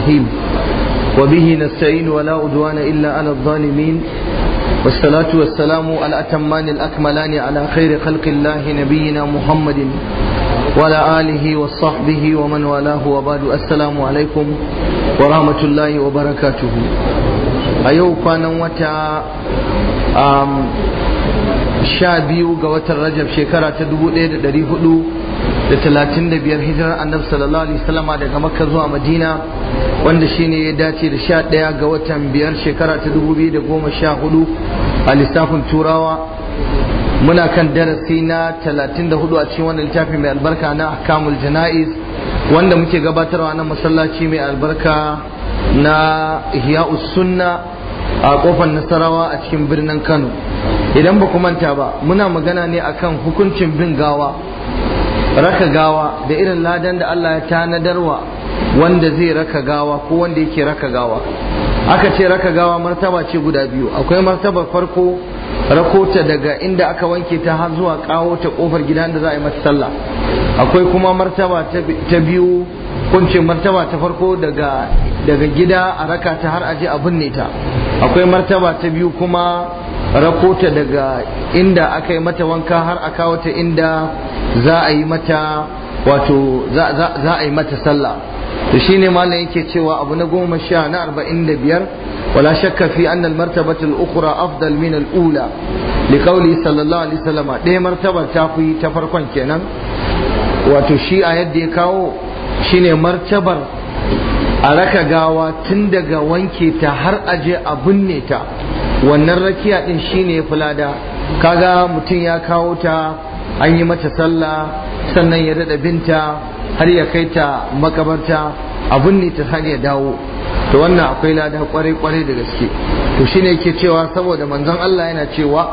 الرحيم وبه نستعين ولا عدوان إلا على الظالمين والصلاة والسلام على الأتمان الأكملان على خير خلق الله نبينا محمد وعلى آله وصحبه ومن والاه وبعد السلام عليكم ورحمة الله وبركاته أيوه كان وتا sha biyu ga watan rajab shekara ta dubu ɗaya da ɗari hudu da talatin da biyar hijirar annabi sallallahu alaihi wasallama daga makka zuwa madina wanda shine ya dace da sha ɗaya ga watan biyar shekara ta dubu biyu da goma sha hudu a lissafin turawa muna kan darasi na talatin da hudu a cikin wannan littafi mai albarka na akamul jana'iz wanda muke gabatarwa na masallaci mai albarka na ihya'us sunna a kofar nasarawa a cikin birnin kano idan ba ku manta ba muna magana ne akan hukuncin bin gawa raka gawa da irin ladan da Allah ya tanadarwa wanda zai raka gawa ko wanda yake raka gawa aka ce raka gawa martaba ce guda biyu akwai martabar farko rakota daga inda aka wanke ta har zuwa kawo ta kofar gida da za a yi masa sallah akwai kuma martaba ta biyu kunce martaba ta farko daga daga gida a raka ta har aje a binne ta akwai martaba ta biyu kuma rakota daga inda aka yi mata wanka har a kawo inda za a yi mata wato za a yi mata sallah to shine malam yake cewa abu na goma sha na arba'in da biyar wala shakka fi an al-martabata al-ukhra afdal min al-ula sallallahu alaihi wasallam ɗaya martabar ta fi ta farkon kenan wato shi a yadda ya kawo shine martabar a raka gawa tun daga wanke ta har aje a binne ta wannan rakiya din shine ya fulada kaga mutum ya kawo ta an yi mata sallah sannan ya daɗa binta har ya kai ta makabarta abun ne ta har ya dawo to wannan akwai lada kwarai kwarai da gaske to shine yake cewa saboda manzon Allah yana cewa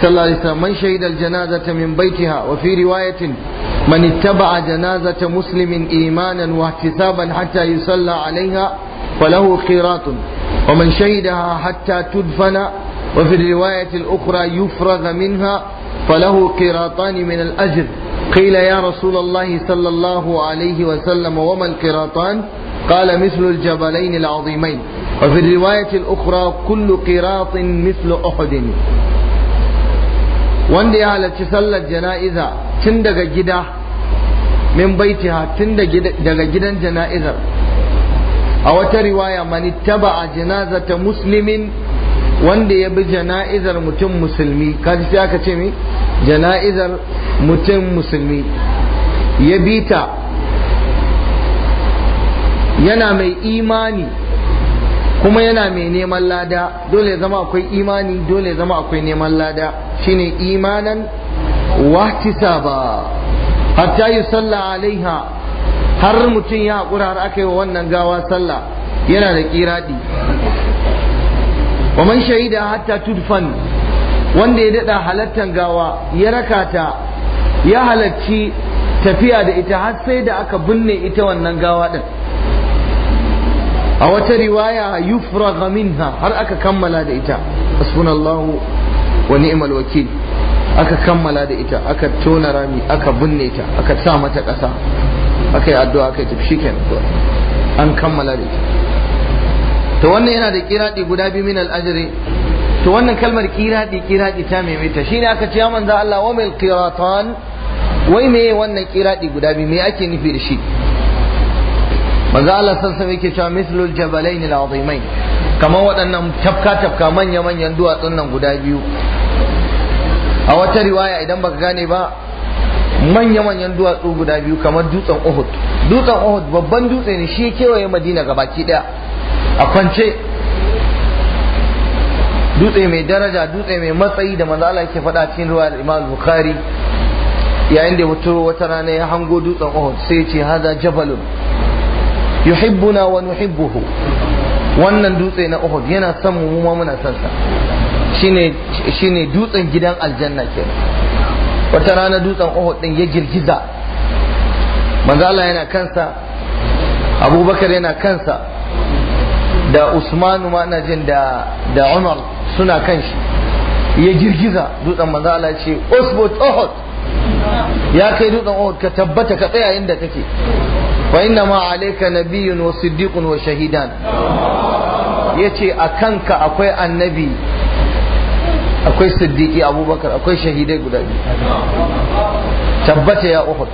sallallahu alaihi wasallam man shahida aljanazata min baitiha wa fi riwayatin man ittaba'a janazata muslimin imanan wa ihtisaban hatta yusalla alaiha falahu qiratun ومن شهدها حتى تدفن وفي الرواية الأخرى يفرغ منها فله قراطان من الأجر قيل يا رسول الله صلى الله عليه وسلم وما القراطان قال مثل الجبلين العظيمين وفي الرواية الأخرى كل قراط مثل أحد wanda ya halarci sallar jana'iza tun daga gida min baitiha tun daga gidan jana'izar a wata riwaya mani a ittaba'a ta musulmin wanda ya bi jana'izar mutum musulmi kaji sai aka ce me jana'izar mutum musulmi ya bi ta yana mai imani kuma yana mai neman lada dole ya zama akwai imani dole zama akwai neman lada shine imanan wahtisaba hatta yusalla alaiha har mutum ya haƙura har aka yi wa wannan gawa sallah yana da kiradi wa man shahida hatta tudfan wanda ya daɗa halattan gawa ya rakata ya halarci tafiya da ita har sai da aka binne ita wannan gawa ɗin a wata riwaya yufraga minha har aka kammala da ita hasbunallahu wa ni'mal wakil aka kammala da ita aka tona rami aka binne ta aka sa mata ƙasa aka yi addu'a aka yi tafi shi an kammala da ita to wannan yana da kiradi guda biyu min al'ajiri to wannan kalmar kiradi kiradi ta maimaita shi ne aka ce ya manza Allah wa mil qiratan wai mai wannan kiradi guda biyu me ake nufi da shi manzo Allah san sa yake cewa mislul jabalain al'azimain kamar waɗannan tafka tafka manya manyan duwatsun nan guda biyu a wata riwaya idan baka gane ba manya-manyan duwatsu guda biyu kamar dutsen Uhud dutsen Uhud babban dutse ne shi kewaye Madina gabaki daya a kwance dutse mai daraja dutse mai matsayi da manzo Allah yake faɗa cikin ruwa da Imam Bukhari yayin da mutum wata rana ya hango dutsen Uhud sai ya ce hada jabalun yuhibbuna wa nuhibbuhu wannan dutse na Uhud yana son mu muna son sa shine shine dutsen gidan aljanna kenan wata rana dutsen uhud din ya girgiza manzo Allah yana kansa abubakar yana kansa da Usman ma na jin da da umar suna kan shi ya girgiza dutsen manzo Allah ya ce usbut uhud ya kai dutsen uhud ka tabbata ka tsaya inda kake fa inna ma alayka nabiyyun wa siddiqun wa shahidan yace a ka akwai annabi akwai Siddiki abubakar akwai shahidai guda biyu tabbata ya uhud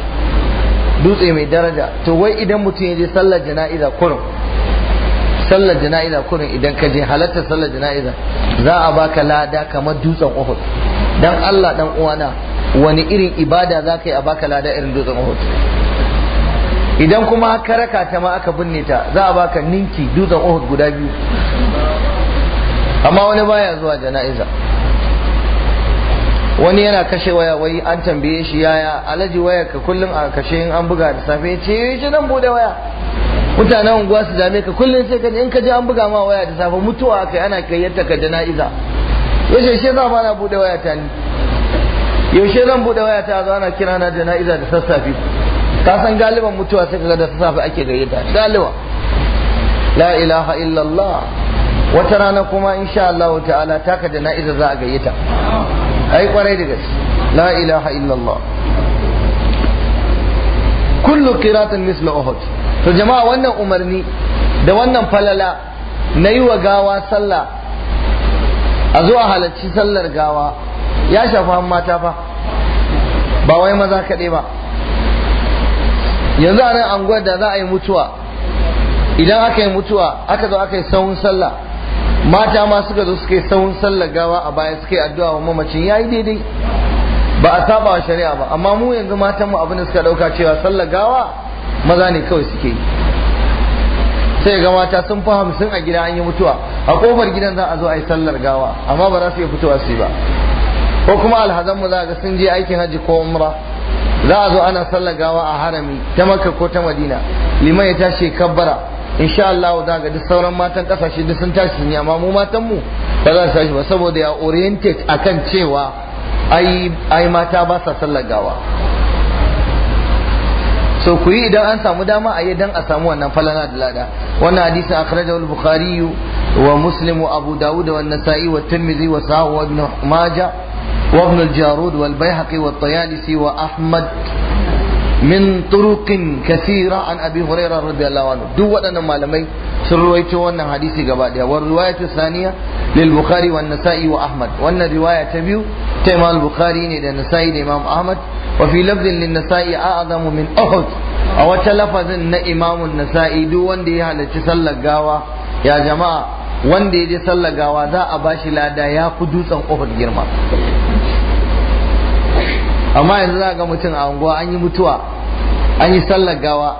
dutse mai daraja to wai idan mutum ya je sallar jana'iza kurun sallar jana'iza idan ka je halarta sallar jana'iza za a baka lada kamar dutsen uhud dan Allah dan uwana wani irin ibada za ka yi a baka lada irin dutsen uhud idan kuma ka raka ta ma aka binne ta za a baka ninki dutsen uhud guda biyu amma wani baya zuwa jana'iza wani yana kashe waya wai an tambaye shi yaya alaji waya ka kullum a kashe in an buga da safe ce eh, shi nan bude waya mutanen unguwa su dame ka kullum sai ka in ka ji an buga ma waya da safe mutuwa ka ana kayyanta ka jana'iza Yaushe shi za ba na bude waya ta ni yaushe zan bude waya ta zo ana kira na jana'iza da sassafe ka san galiban mutuwa sai kaga da sassafe ake gayyata galiba la ilaha illallah wata rana kuma insha Allah ta'ala taka jana'iza za a gayyata ai kwarai da gaske la ilaha illallah kullu qiratin misla uhud to jama'a wannan umarni da wannan falala na yi wa gawa sallah a zuwa halarci sallar gawa ya shafa mata fa ba wai maza kaɗai ba yanzu a nan anguwar da za a yi mutuwa idan aka yi mutuwa aka zo aka yi sahun sallah mata ma suka zo suka yi sahun sallar gawa a baya suka yi addu'a wa mamacin yayi daidai ba a saba wa shari'a ba amma mu yanzu matan mu abin da suka dauka cewa sallar gawa maza ne kawai suke yi sai ga mata sun fi hamsin a gida an yi mutuwa a kofar gidan za a zo a yi sallar gawa amma ba za su iya fitowa su yi ba ko kuma alhazan mu za ga sun je aikin hajji ko umra za a zo ana sallar gawa a harami ta makka ko ta madina liman ya tashi kabbara insha Allah za ga duk sauran matan kasashe duk sun tashi ne amma mu matan mu ba za su tashi ba saboda ya oriented akan cewa ai ai mata ba sa sallar gawa so ku yi idan an samu dama a yi dan a samu wannan falana da lada wannan hadisi akhrajahu al-bukhari wa muslim wa abu daud wa an-nasa'i wa tirmidhi wa sahih wa ibn majah wa ibn al-jarud wal bayhaqi wa at wa ahmad min turukin kasira an abi huraira radiyallahu anhu duk waɗannan malamai sun ruwaito wannan hadisi gaba daya wa riwayatu saniya lil bukhari wa nasa'i wa ahmad wannan riwaya ta biyu ta imam bukhari ne da nasa'i da imam ahmad wa fi lafzin lin nasa'i a'zamu min uhud a wata lafazin na imam nasa'i duk wanda ya halarci sallar gawa ya jama'a wanda ya je sallar gawa za a bashi lada ya ku dutsen uhud girma amma yanzu za ga mutum a unguwa an yi mutuwa an yi sallar gawa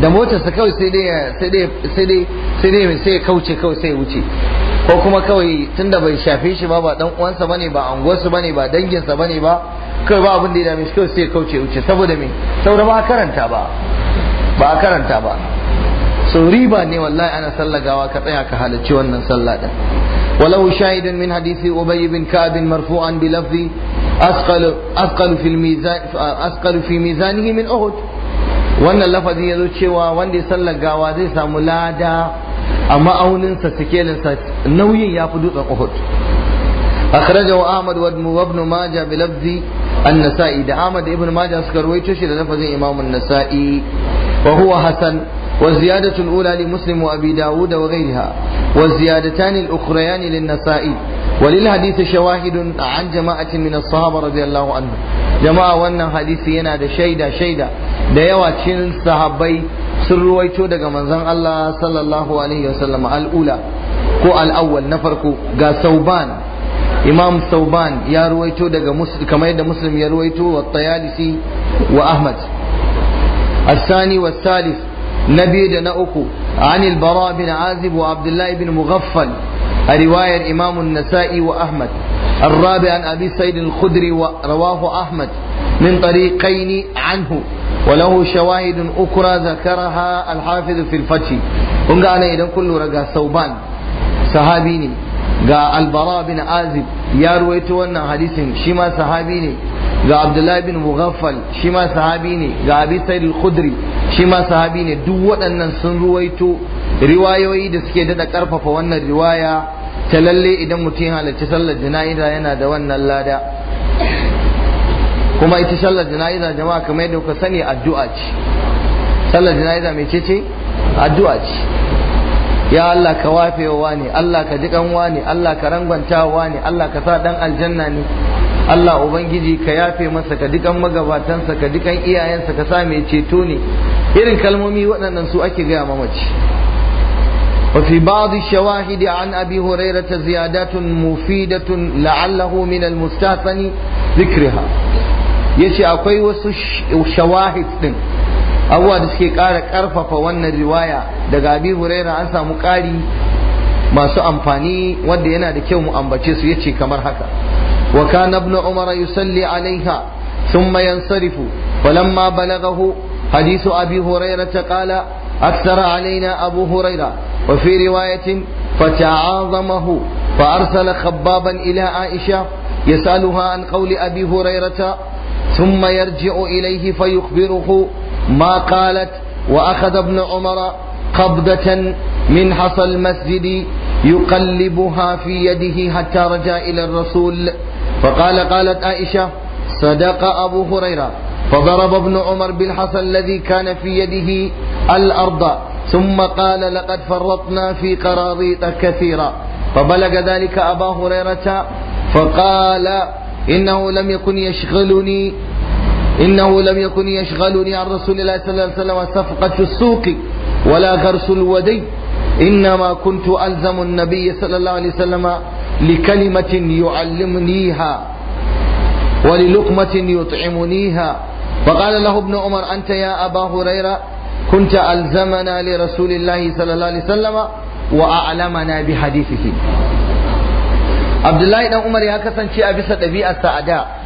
da motarsa kawai sai dai sai dai sai dai sai dai sai kauce kawai sai wuce ko kuma kawai tunda bai shafe shi ba ba dan uwansa bane ba anguwarsa bane ba danginsa bane ba kawai ba abin da ya dame shi kawai sai kauce wuce saboda me saboda ba karanta ba ba karanta ba so riba ne wallahi ana sallagawa ka tsaya ka halarci wannan sallah din shahidan min hadisi ubay bin بن marfuan bi lafzi أثقل أثقل في الميزان أثقل في ميزانه من wannan lafazin ya zo cewa wanda ya sallar gawa zai samu lada a ma'auninsa sikelinsa nauyin ya fi dutsen uhud akhrajahu ahmad wa ibn Maja bi lafzi an-nasa'i da ahmad suka rawaito shi da lafazin imam an-nasa'i wa huwa hasan والزيادة الأولى لمسلم وأبي داود وغيرها والزيادتان الأخريان للنسائي walil hadisi shawahidun an jama'atin min as-sahaba radiyallahu jama'a wannan hadisi yana da shaida shaida da yawa cin sahabai sun ruwaito daga manzon Allah sallallahu alaihi wasallam al-ula ko al-awwal na farko ga sauban imam sauban ya ruwaito daga kamar da muslim ya ruwaito wa tayalisi wa ahmad na biyu da na uku, Anil البراء bin عازب وعبد الله بن مغفل رواية الإمام النسائي وأحمد الرابع عن أبي سيد الخدري رواه أحمد من طريقين عنه وله شواهد أخرى ذكرها الحافظ في الفتح kun ana idan kun lura ga sauban sahabi ne ga albara bin azib ya ruwaito wannan hadisin shi ma sahabi ne ga abdullahi bin mughaffal shi ma sahabi ne ga abi sa'id al-khudri shi ma sahabi ne duk waɗannan sun ruwaito riwayoyi da suke daɗa ƙarfafa wannan riwaya ta lalle idan mutum halarci sallar jana'iza yana da wannan lada kuma ita sallar jana'iza jama'a kamar yadda kuka sani addu'a ce sallar jana'iza mai ce ce addu'a ce ya Allah ka wafewa ne Allah ka ji kanwa ne Allah ka wa ne Allah ka sa dan aljanna ne Allah ubangiji ka yafe masa ka dukan magabatansa ka dukan iyayensa sa ka sa mai ceto ne irin kalmomi waɗannan su ake ga mamaci wa fi ba'di shawahid an abi hurayra ta ziyadatun mufidatun la'allahu min al-mustafani zikriha yace akwai wasu shawahid ɗin abuwa da suke ƙara ƙarfafa wannan riwaya daga abi hurayra an samu ƙari masu amfani wanda yana da kyau mu ambace su yace kamar haka وكان ابن عمر يصلي عليها ثم ينصرف ولما بلغه حديث أبي هريرة قال أكثر علينا أبو هريرة وفي رواية فتعاظمه فأرسل خبابا إلى عائشة يسألها عن قول أبي هريرة ثم يرجع إليه فيخبره ما قالت وأخذ ابن عمر قبضة من حصى المسجد يقلبها في يده حتى رجع إلى الرسول فقال قالت عائشة صدق أبو هريرة فضرب ابن عمر بالحصى الذي كان في يده الأرض ثم قال لقد فرطنا في قراريط كثيرة فبلغ ذلك أبا هريرة فقال إنه لم يكن يشغلني إنه لم يكن يشغلني عن رسول الله صلى الله عليه وسلم صفقة السوق ولا غرس الودي إنما كنت ألزم النبي صلى الله عليه وسلم لكلمة يعلمنيها وللقمة يطعمنيها وقال له ابن عمر أنت يا أبا هريرة كنت ألزمنا لرسول الله صلى الله عليه وسلم وأعلمنا بحديثه عبد الله بن عمر يا كسن شيء أبي ستبي السعداء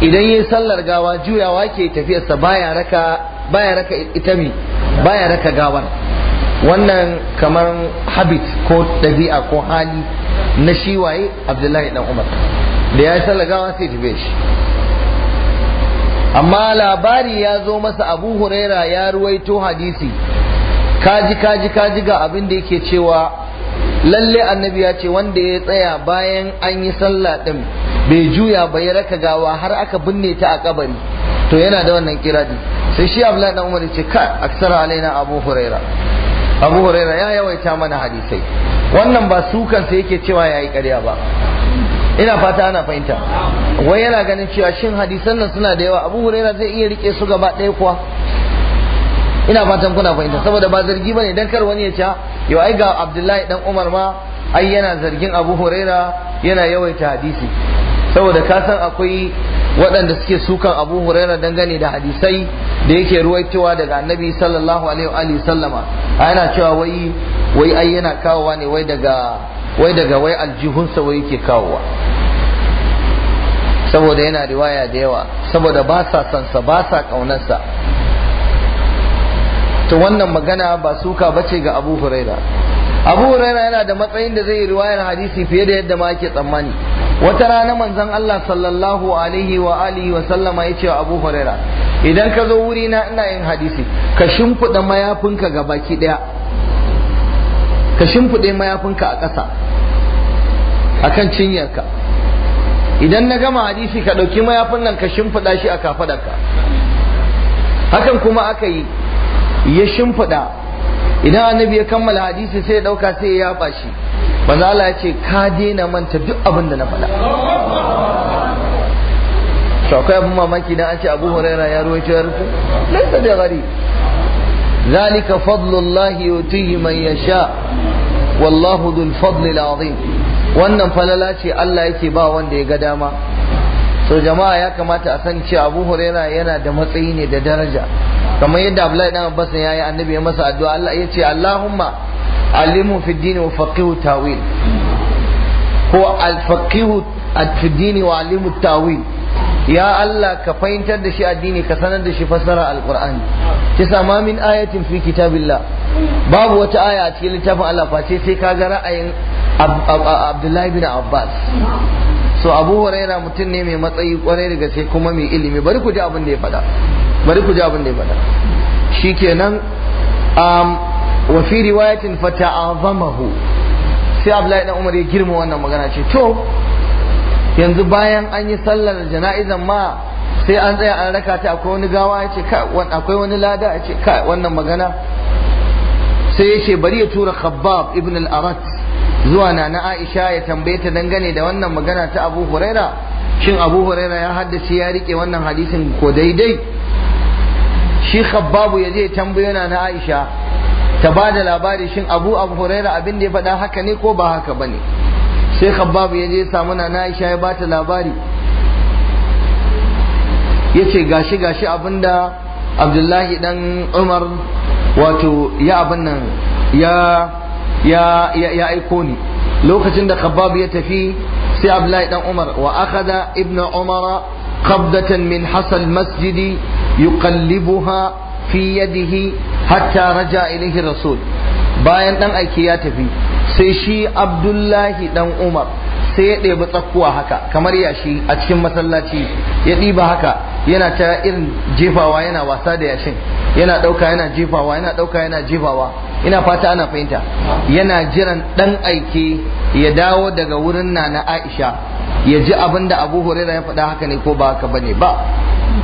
idan yi sallar gawa juyawa ke tafiyarsa baya raka baya raka itami baya raka gawan wannan kamar habit ko ɗabi'a ko hali na shi waye abdullahi dan umar da ya yi lagawa sai tafiye shi amma labari ya zo masa abu huraira ya ruwaito hadisi kaji kaji kaji ga abin da yake cewa lalle annabi ya ce wanda ya tsaya bayan an yi sallah din bai juya bai raka gawa har aka binne ta a kabari to yana da wannan kiradi sai shi abdullahi dan umar ya ce ka aksara alaina abu huraira abu huraira ya yawaita mana hadisai wannan ba su kansa yake cewa ya yi karya ba ina fata ana fahimta wai yana ganin cewa shin hadisan nan suna da yawa abu huraira zai iya rike su gaba ɗaya kuwa ina fatan kuna fahimta saboda ba zargi ba ne dan kar wani ya ce yo ai ga abdullahi dan umar ma ai yana zargin abu huraira yana yawaita hadisi saboda ka san akwai waɗanda suke sukan abu huraira dangane da hadisai da yake ruwaitowa daga annabi sallallahu alaihi wa sallama a yana cewa wai wai ai yana kawowa ne wai daga wai daga wai aljihunsa wai yake kawowa saboda yana riwaya da yawa saboda ba sa son sa ba sa kaunarsa to wannan magana ba suka bace ga abu huraira abu huraira yana da matsayin da zai riwayar hadisi fiye da yadda ma ake tsammani wata rana manzon Allah sallallahu alaihi wa alihi wa sallama yace wa Abu Huraira idan ka zo wuri na ina yin hadisi ka shimfida mayafinka ga baki daya ka shimfide mayafinka a ƙasa akan cinyarka idan na gama hadisi ka ɗauki mayafin nan ka shimfida shi a kafadarka hakan kuma aka yi ya shimfida idan annabi ya kammala hadisi sai ya ɗauka sai ya yaba shi manzo Allah ya ce ka daina manta duk abin da na faɗa to akwai abin mamaki na an ce Abu Huraira ya ruwaito ya rufe laysa bi gari zalika fadlullahi yutihi man yasha wallahu dhul fadli wannan falala ce Allah yake ba wanda ya ga dama so jama'a ya kamata a san cewa Abu Huraira yana da matsayi ne da daraja kamar yadda Abdullahi dan Abbas ya yi annabi ya masa addu'a Allah ya ce Allahumma alimu في الدين wa التاويل هو الفقه في الدين وعلموا wa alimu الله ya Allah ka fahimtar da shi addini ka sanar da shi fassara alqur'ani kisa ma min ayatin fi kitabillah babu wata aya a cikin littafin Allah ka ra'ayin Abdullahi bin Abbas so Abu Huraira mutum ne mai matsayi kwarai daga sai kuma mai ilimi bari ku ji abin da ya faɗa bari ku ji abin da ya faɗa shikenan um, wa fi riwayatin fata'azamahu sai Abdullahi dan Umar ya girma wannan magana ce to yanzu bayan an yi sallar jana'izan ma sai an tsaya an raka ta akwai wani gawa ya ce akwai wani lada ya ce kai wannan magana sai ya ce bari ya tura khabbab ibn al-arat zuwa na na Aisha ya tambaye ta dangane da wannan magana ta Abu Huraira shin Abu Huraira ya haddace ya rike wannan hadisin ko daidai shi khabbabu ya je tambayo na na Aisha ta ba da labari shin abu abu huraira abin da ya faɗa haka ne ko ba haka ba ne sai khabbab ya je samu na aisha ya bata labari ya ce gashi gashi abin da abdullahi dan umar wato ya abin nan ya ya ya aiko ni lokacin da khabbab ya tafi sai abdullahi dan umar wa akhadha ibnu umara qabdatan min hasal masjidi yuqallibuha fi yadihi hatta raja ilaihi rasul bayan dan aiki ya tafi sai shi abdullahi dan umar sai ya ɗebi tsakkuwa haka kamar yashi a cikin masallaci ya ɗiba haka yana ta irin jefawa yana wasa da yashin yana ɗauka yana jefawa yana ɗauka yana jefawa ina fata ana fahimta yana jiran ɗan aiki ya dawo daga wurin na na aisha ya ji abin da abu hurera ya faɗa haka ne ko ba haka bane ba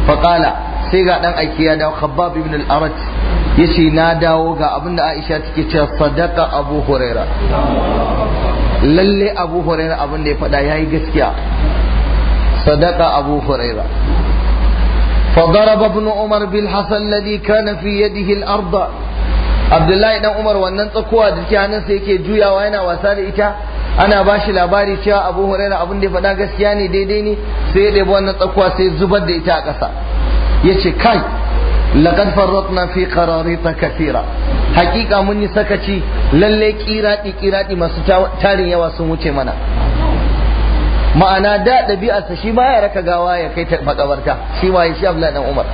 faƙala sai ga dan aiki ya dawo khabbab ibn al-arat yace na dawo ga abinda Aisha take cewa sadaqa Abu Huraira lalle Abu Huraira abin da ya faɗa yayi gaskiya sadaqa Abu Huraira فضرب ابن عمر بالحصى الذي كان في يده الأرض عبد الله بن عمر wannan tsakuwa da nan sai yake juyawa yana wasa da ita ana ba shi labari cewa Abu Huraira abin da ya faɗa gaskiya ne daidai ne sai ya ɗebi wannan tsakuwa sai zubar da ita a ƙasa yace kai laqad farratna fi qararita kathira hakika mun yi sakaci lalle kiradi kiradi masu tarin yawa sun wuce mana ma'ana da ɗabi'arsa shi ma ya raka gawa ya kai ta makabarta shi wa ya shi Abdullahi dan Umar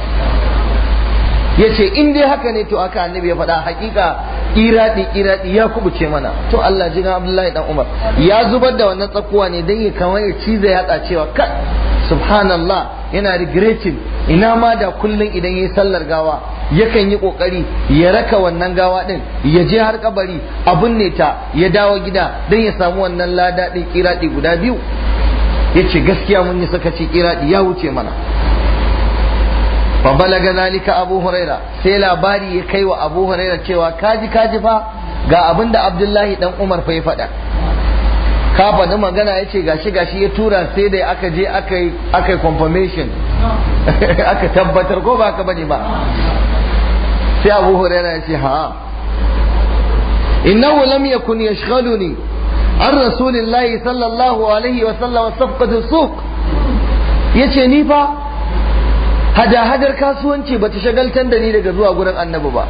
ya ce in dai haka ne to aka annabi ya faɗa hakika iradi iradi ya kubuce mana to Allah ji ga Abdullahi dan Umar ya zubar da wannan tsakuwa ne dan ya kamar ya ciza ya cewa ka subhanallah yana regretting ina ma da kullun idan yayi sallar gawa yakan yi kokari ya raka wannan gawa din ya je har kabari abun ne ta ya dawo gida dan ya samu wannan lada din iradi guda biyu yace gaskiya mun yi sakaci iradi ya wuce mana fa balaga zalika abu huraira sai labari ya kai wa abu cewa kaji kaji fa ga abinda abdullahi dan umar fa ya fada ka faɗi magana ya ce gashi gashi ya tura sai dai aka je aka yi confirmation aka tabbatar ko ba ka bane ba sai abu huraira ya ce ha wa lam yakun yashghaluni an rasulillahi sallallahu alaihi wa sallam safqatu suq yace ni fa hada-hadar kasuwanci ba ta shagaltar da ni daga zuwa gurin annabi ba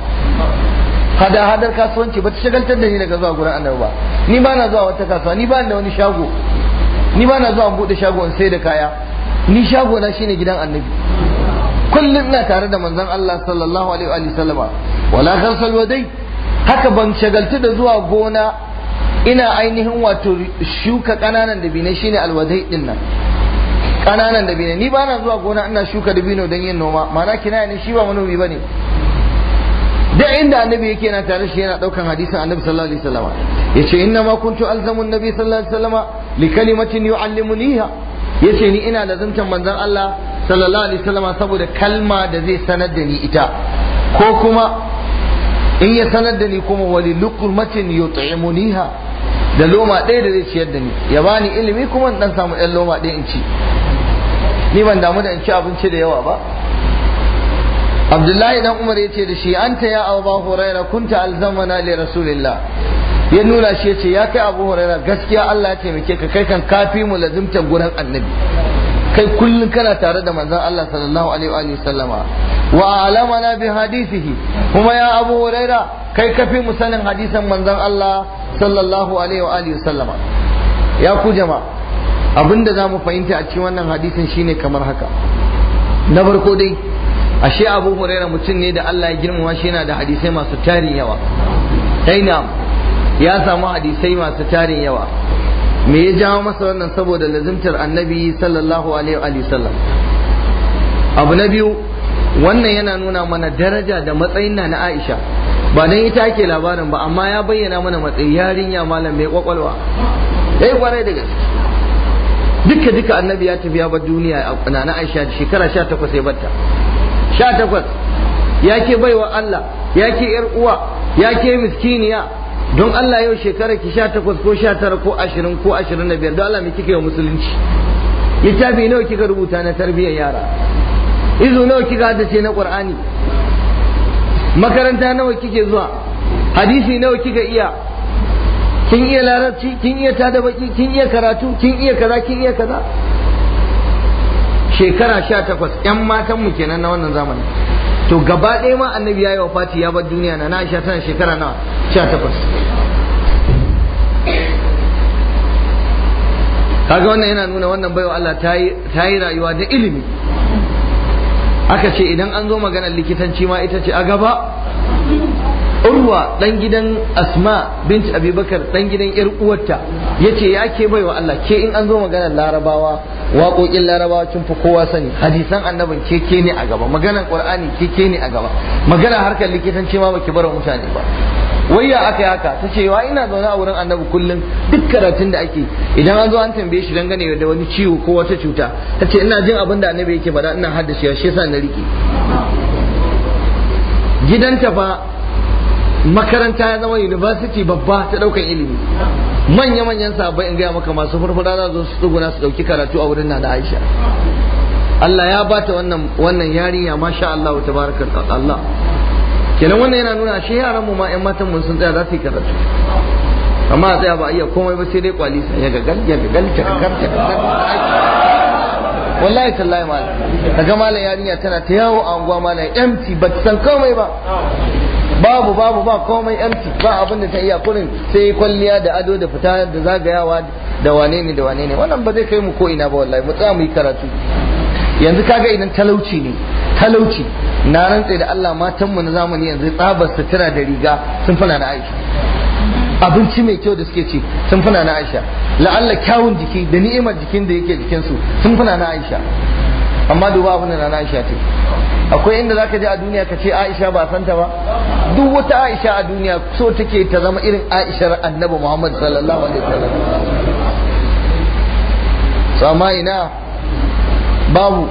hada-hadar kasuwanci ba ta shagaltar da ni daga zuwa gurin annabi ba ni ba na zuwa wata kasuwa ni ba na wani shago ni ba na zuwa in bude shago in sai da kaya ni shago na shine gidan annabi kullum ina tare da manzon Allah sallallahu alaihi wa sallama wala kharsal wadai haka ban shagaltu da zuwa gona ina ainihin wato shuka kananan da ne shine alwadai din nan kananan dabino ni ba na zuwa gona ina shuka dabino don yin noma mana kina ne shi ba manomi bane da inda annabi yake yana tare shi yana daukan hadisin annabi sallallahu alaihi wasallam yace inna ma kuntu alzamu annabi sallallahu alaihi wasallam li kalimatin yuallimuniha yace ni ina lazumtan manzon Allah sallallahu alaihi wasallam saboda kalma da zai sanar da ni ita ko kuma in ya sanar da ni kuma wali luqmatin yut'imuniha da loma ɗaya da zai ciyar da ni ya bani ilimi kuma dan samu ɗan loma ɗaya in ci ni ban damu da in ci abinci da yawa ba abdullahi dan umar yace ce da shi anta ya abu huraira kunta alzamana li rasulillah ya nuna shi yace ya kai abu huraira gaskiya Allah ya taimake ka kai kan kafi mu lazimta gurin annabi kai kullum kana tare da manzon Allah sallallahu alaihi wa sallama wa alamana bi hadithihi kuma ya abu huraira kai kafi mu sanin hadisan manzon Allah sallallahu alaihi wa sallama ya ku jama'a abinda za mu fahimta a cikin wannan hadisin shine kamar haka na farko dai ashe abu huraira mutum ne da Allah ya girmama shi yana da hadisai masu tarin yawa aina ya samu hadisai masu tarin yawa me ya jawo masa wannan saboda lazimtar annabi sallallahu alaihi wa sallam abu na biyu wannan yana nuna mana daraja da matsayin na Aisha ba dan ita ake labarin ba amma ya bayyana mana matsayin yarinya malam mai kwakwalwa dai eh, kwarai da gaske duka duka annabi ya tafi ya bar duniya na na Aisha shekara 18 ya barta 18 ya ke baiwa Allah ya ke yar uwa ya ke miskiniya don Allah yau shekara ki 18 ko 19 ko 20 ko 25 don Allah me kika yi musulunci littafi nawa kika rubuta na tarbiyyar yara izu nawa kika ce na Qur'ani makaranta nawa kike zuwa hadisi nawa kika iya kin iya larabci kin iya tada baki kin iya karatu kin iya kaza kin iya kaza shekara sha takwas yan matan mu kenan na wannan zamani to gaba ɗaya ma annabi ya yi wafati ya bar duniya na Aisha tana shekara nawa sha takwas kaga wannan yana nuna wannan baiwa Allah ta yi rayuwa da ilimi aka ce idan an zo maganar likitanci ma ita ce a gaba urwa dan gidan asma bint abubakar dan gidan yar uwarta yace ya ke baiwa Allah ke in an zo magana larabawa waƙoƙin larabawa cin fa kowa sani hadisan annabin ke ke ne a gaba maganar qur'ani ke ke ne a gaba Magana harkar likitanci ma baki bar mutane ba wayya aka haka ta ce wa ina zaune a wurin annabi kullum duk karatun da ake idan an zo an tambaye shi dangane da wani ciwo ko wata cuta Tace. ina jin abin da annabi yake bada? ina haddace shi yasa na rike gidanta fa makaranta ya zama university babba ta daukan ilimi manya-manyan sabai in gaya maka masu farfara za su tsuguna su dauki karatu a wurin na da aisha Allah ya ta wannan wannan yarinya masha Allah ta baraka Allah kenan wannan yana nuna ashe yaran mu ma ƴan matan mu sun tsaya za su yi karatu amma a tsaya ba iya komai ba sai dai kwalisa ya gagal ya gagal ta gagal ta gagal wallahi tallahi malam kaga malam yarinya tana ta yawo a unguwa malam mt ba ta san komai ba babu babu ba komai empty ba abin da ta iya kurin sai kwalliya da ado da fita da zagayawa da wane ne da wane ne wannan ba zai kai mu ko ina ba wallahi mu tsaya mu yi karatu yanzu kaga idan talauci ne talauci na rantse da Allah mu na zamani yanzu tsabar sutura da riga sun fana na Aisha abinci mai kyau da suke ci sun fana na Aisha la'alla kyawun jiki da ni'imar jikin da yake jikinsu sun fana na Aisha amma duba abin da na Aisha ce. akwai inda zaka je a duniya ka ce Aisha ba santa ba duk wata Aisha a duniya so take ta zama irin Aishar Annabi Muhammad sallallahu alaihi wasallam sama ina babu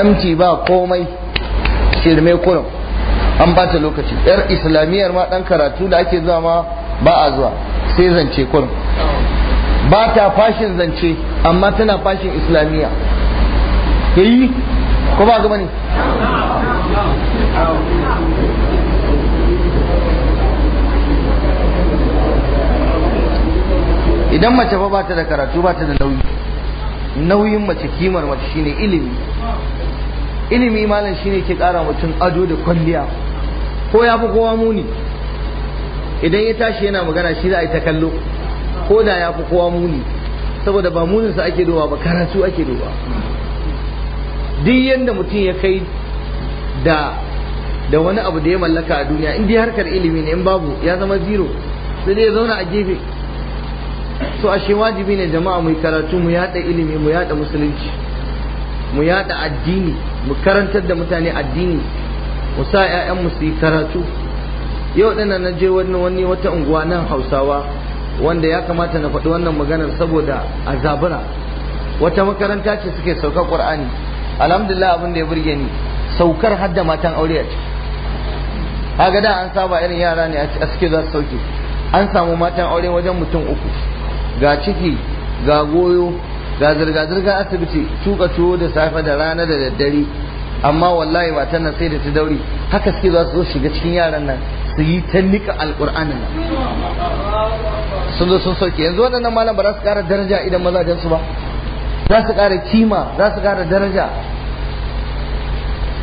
empty ba komai shirme kurum an bata lokaci yar islamiyar ma dan karatu da ake zuwa ma ba a zuwa sai zance kurum ba ta fashin zance amma tana fashin islamiyya yayi ko ba ga bane idan mace ba ba ta da karatu ba ta da nauyi nauyin mace kimar mace shine ilimi ilimi malam shine ke kara mutum ado da kwalliya ko ya fi kowa muni idan ya tashi yana magana shi za a yi ta kallo ko da ya fi kowa muni saboda ba muninsa ake doba ba karatu ake doba duk yadda mutum ya kai da wani abu da ya mallaka a duniya in dai harkar ilimi ne in babu ya zama zero sai dai ya zauna a gefe so ashe wajibi ne jama'a mu karatu mu yada ilimi mu yada musulunci mu yada addini mu karantar da mutane addini mu sa ƴaƴan mu su yi karatu yau dana na je wani wani wata unguwa nan Hausawa wanda ya kamata na faɗi wannan maganar saboda a Zabura wata makaranta ce suke sauka Qur'ani alhamdulillah abin da ya burge ni saukar hadda matan aure a ciki kaga da an saba irin yara ne a suke za su sauke an samu matan aure wajen mutum uku ga ciki ga goyo ga zirga-zirga asibiti tuka tuwo da safe da rana da daddare amma wallahi ba tana sai da ta dauri haka suke za su zo shiga cikin yaran nan su yi ta nika alƙur'ani nan sun zo sun sauke yanzu waɗannan malam ba za su ƙara daraja idan mazajen su ba za su ƙara kima za su ƙara daraja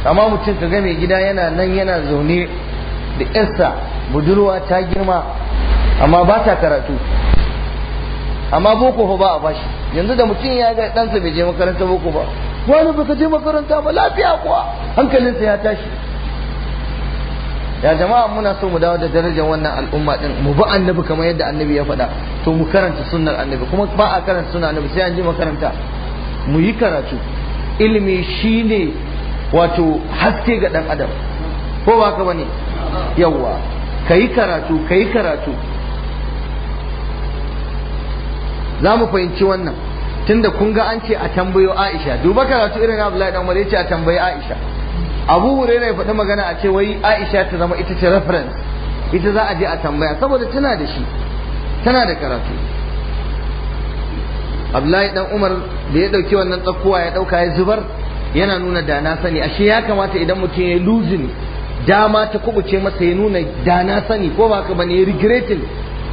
amma mutum ka ga mai gida yana nan yana zaune da yarsa budurwa ta girma amma ba ta karatu amma boko fa ba a bashi yanzu da mutum ya ga ɗansa bai je makaranta boko ba wani ba ka je makaranta ba lafiya kuwa hankalinsa ya tashi ya jama'a muna so mu dawo da darajar wannan al'umma din mu bi annabi kamar yadda annabi ya faɗa to mu karanta sunnar annabi kuma ba a karanta sunnar annabi sai an je makaranta mu yi karatu ilimi shine wato haske ga ɗan adam ko ba ka bane yawa yi karatu yi karatu za mu fahimci wannan tunda kun ga an ce a tambayo Aisha duba karatu irin Abdullahi dan Umar ce a tambayi Aisha Abu Hurairah ya faɗi magana a ce wai Aisha ta zama ita ce reference ita za a je a tambaya saboda tana da shi tana da karatu abdullahi dan umar da ya dauki wannan tsakkuwa ya dauka ya zubar yana nuna da na sani ashe ya kamata idan mutum ya luzin dama ta kubuce masa ya nuna da na sani ko ba ka bane regretting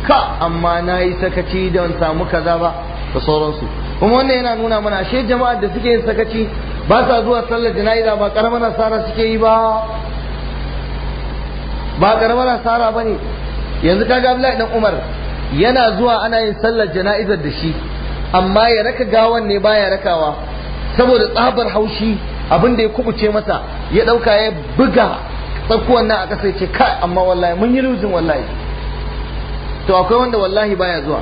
ka amma na yi sakaci don samu kaza ba da sauransu kuma wannan yana nuna mana ashe jama'ar da suke yin sakaci ba sa zuwa sallar jana'iza ba karamar asara suke yi ba ba karamar asara bane yanzu kaga Abdullahi dan Umar yana zuwa ana yin sallar jana'izar da shi amma ya raka gawan ne baya rakawa saboda tsabar haushi abin da ya kubuce masa ya dauka ya buga tsakuwan nan a ƙasa ya ce kai amma wallahi mun yi luzin wallahi to akwai wanda wallahi baya zuwa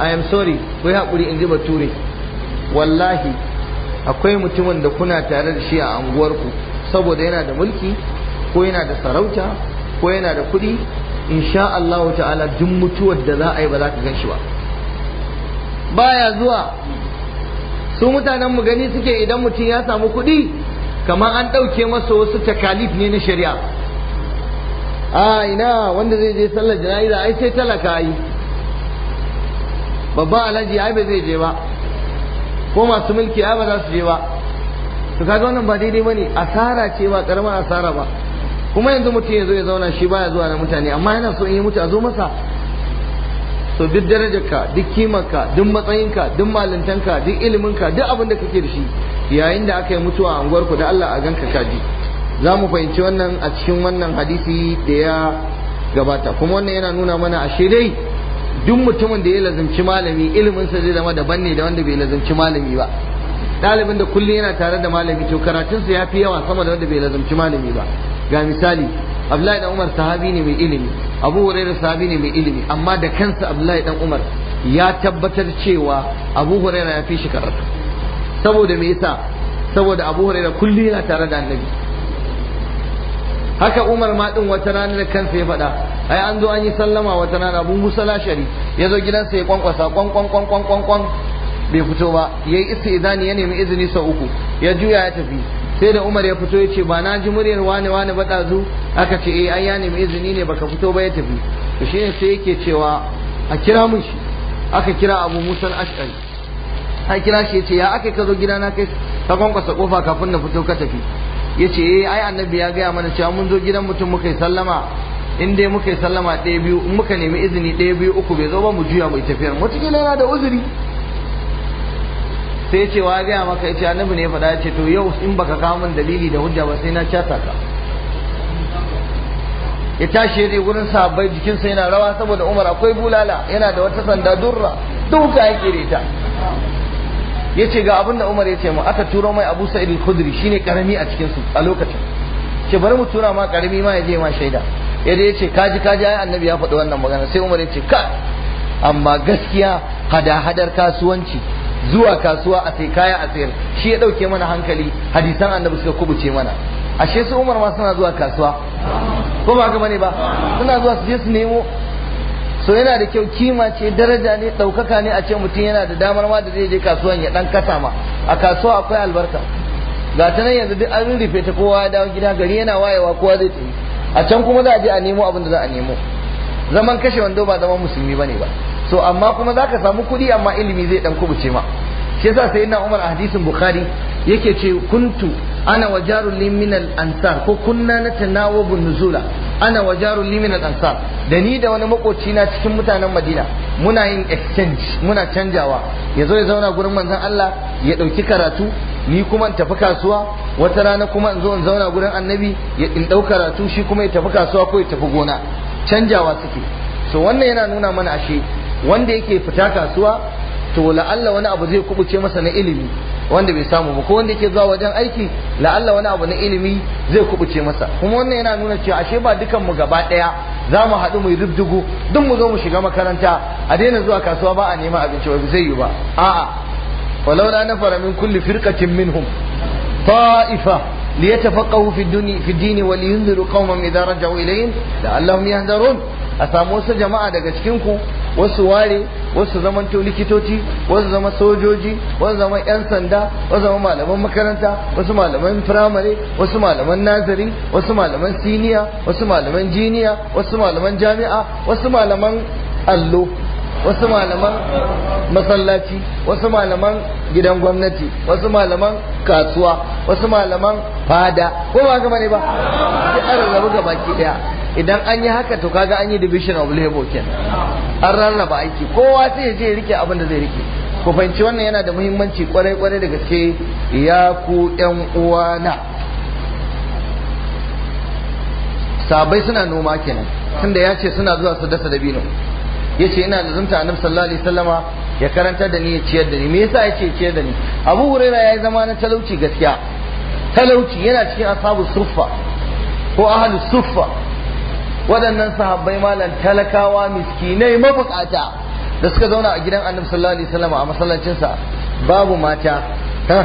i am sorry ku yi haƙuri in ji bature wallahi akwai mutumin da kuna tare da shi a anguwarku saboda yana da mulki ko yana da sarauta ko yana da kuɗi insha Allah ta'ala duk mutuwar da za a yi ba za ka gan shi ba baya zuwa su mutanen mu gani suke idan mutum ya samu kuɗi kamar an ɗauke masa wasu takalif ne na shari'a a ina wanda zai je sallar jana'iza ai sai talaka yi babban alhaji ai ba zai je ba ko masu mulki ai ba za su je ba to kaga wannan ba daidai bane asara ce ba karamar asara ba kuma yanzu mutum ya zo ya zauna shi baya zuwa na mutane amma yana so in yi mutu a zo masa so duk darajarka duk kimarka duk matsayinka duk malintanka duk iliminka duk abin da kake da shi yayin da aka yi mutuwa a unguwarku da Allah a ganka kaji za mu fahimci wannan a cikin wannan hadisi da ya gabata kuma wannan yana nuna mana ashe dai duk mutumin da ya lazimci malami iliminsa zai zama daban ne da wanda bai lazimci malami ba ɗalibin da kullum yana tare da malami to karatunsa ya fi yawa sama da wanda bai lazimci malami ba ga misali Abdullahi dan Umar sahabi ne mai ilimi Abu Hurairah sahabi ne mai ilimi amma da kansa Abdullahi dan Umar ya tabbatar cewa Abu Hurairah ya fi shi karatu saboda me yasa saboda Abu Hurairah kullum yana tare da Annabi haka Umar ma din wata rana da kansa ya faɗa ai an zo an yi sallama wata rana Abun musala shari ya zo gidansa ya kwankwasa kwankwan kwankwan kwankwan bai fito ba yayi idani ya nemi izini sau uku ya juya ya tafi sai da Umar ya fito ya ce ba na ji muryar wani wani ba ɗazu aka ce eh ai ya nemi izini ne baka fito ba ya tafi to shi ne sai yake cewa a kira mun shi aka kira Abu musan ashari a kira shi ya ce ya aka ka zo na kai ka kwankwasa kofa kafin na fito ka tafi ya ce eh ai annabi ya gaya mana cewa mun zo gidan mutum muka yi sallama in dai muka yi sallama ɗaya biyu in muka nemi izini ɗaya biyu uku bai zo ba mu juya mu tafiyar mutum yana da uzuri sai ce wa gaya maka ya ce annabi ne ya faɗa ce to yau in baka kawo min dalili da hujja ba sai na cata ka ya tashi ya wurin sahabbai jikinsa yana rawa saboda umar akwai bulala yana da wata sanda durra duka ya kere ta ya ga abin umar ya ce mu aka turo mai abu sa'id al-khudri shine karami a cikin a lokacin ce bari mu tura ma karami ma ya je ma shaida Yadda ya ce kaji kaji ai annabi ya faɗi wannan magana sai umar ya ce ka amma gaskiya hada-hadar kasuwanci zuwa kasuwa a sai kaya a sayar shi ya dauke mana hankali hadisan annabi suka kubuce mana ashe su Umar ma suna zuwa kasuwa ko ba ga bane ba suna zuwa su je su nemo so yana da kyau kima ce daraja ne daukaka ne a ce mutum yana da damar ma da zai je kasuwan ya dan kasa ma a kasuwa akwai albarka ga ta nan yanzu duk an rufe ta kowa ya dawo gida gari yana wayewa kowa zai tafi a can kuma za a je a nemo abin da za a nemo zaman kashe wando ba zaman musulmi bane ba so amma kuma zaka samu kuɗi amma ilimi zai dan kubuce ma shi yasa na Umar a hadisin Bukhari yake ce kuntu ana wa jarul min ansar ko kunna natanawabu nuzula ana wa jarul min ansar da ni da wani makoci na cikin mutanen Madina muna yin exchange muna canjawa yazo ya zauna gurin manzon Allah ya dauki karatu ni kuma in tafi kasuwa wata rana kuma in zo in zauna gurin annabi ya in dau karatu shi kuma ya tafi kasuwa ko ya tafi gona canjawa suke so wannan yana nuna mana ashe wanda yake fita kasuwa to la'alla wani abu zai kubuce masa na ilimi wanda bai samu ba ko wanda yake zuwa wajen aiki la'alla wani abu na ilimi zai kubuce masa kuma wannan yana nuna cewa ashe ba dukan mu gaba daya za mu haɗu mu rubdugu duk mu zo mu shiga makaranta a daina zuwa kasuwa ba a neman abinci ba zai yi ba a'a walaula na min kulli firqatin minhum ta'ifa liyatafaqahu fi dunya fi dini wa liyunziru qauman idza raja'u ilayhim la'allahum yahdharun a samu wasu jama'a daga cikinku wasu ware wasu zaman to likitoci wasu zama sojoji wasu zama yan sanda wasu zama malaman makaranta wasu malaman firamare wasu malaman nazari wasu malaman siniya wasu malaman jiniya wasu malaman jami'a wasu malaman allo wasu malaman masallaci wasu malaman gidan gwamnati wasu malaman kasuwa wasu malaman fada ko ba gama ne ba sai an rarrabu ga baki daya idan an yi haka to kaga an yi division of labor kenan an rarraba aiki kowa sai ya je ya rike abin da zai rike ku fahimci wannan yana da muhimmanci kwarai kwarai da gaske ya ku yan uwana sabai suna noma kenan tunda ya ce suna zuwa su dasa dabino yace ina da zumta annabi sallallahu alaihi wasallama ya karantar da ni ya ciyar da ni me yasa yace ciyar da ni Abu Huraira yayi zama na talauci gaskiya talauci yana cikin ashabu suffa ko ahli suffa waɗannan sahabbai malam talakawa miskinai mabukata da suka zauna a gidan annabi sallallahu alaihi wasallama a masallacin sa babu mata ha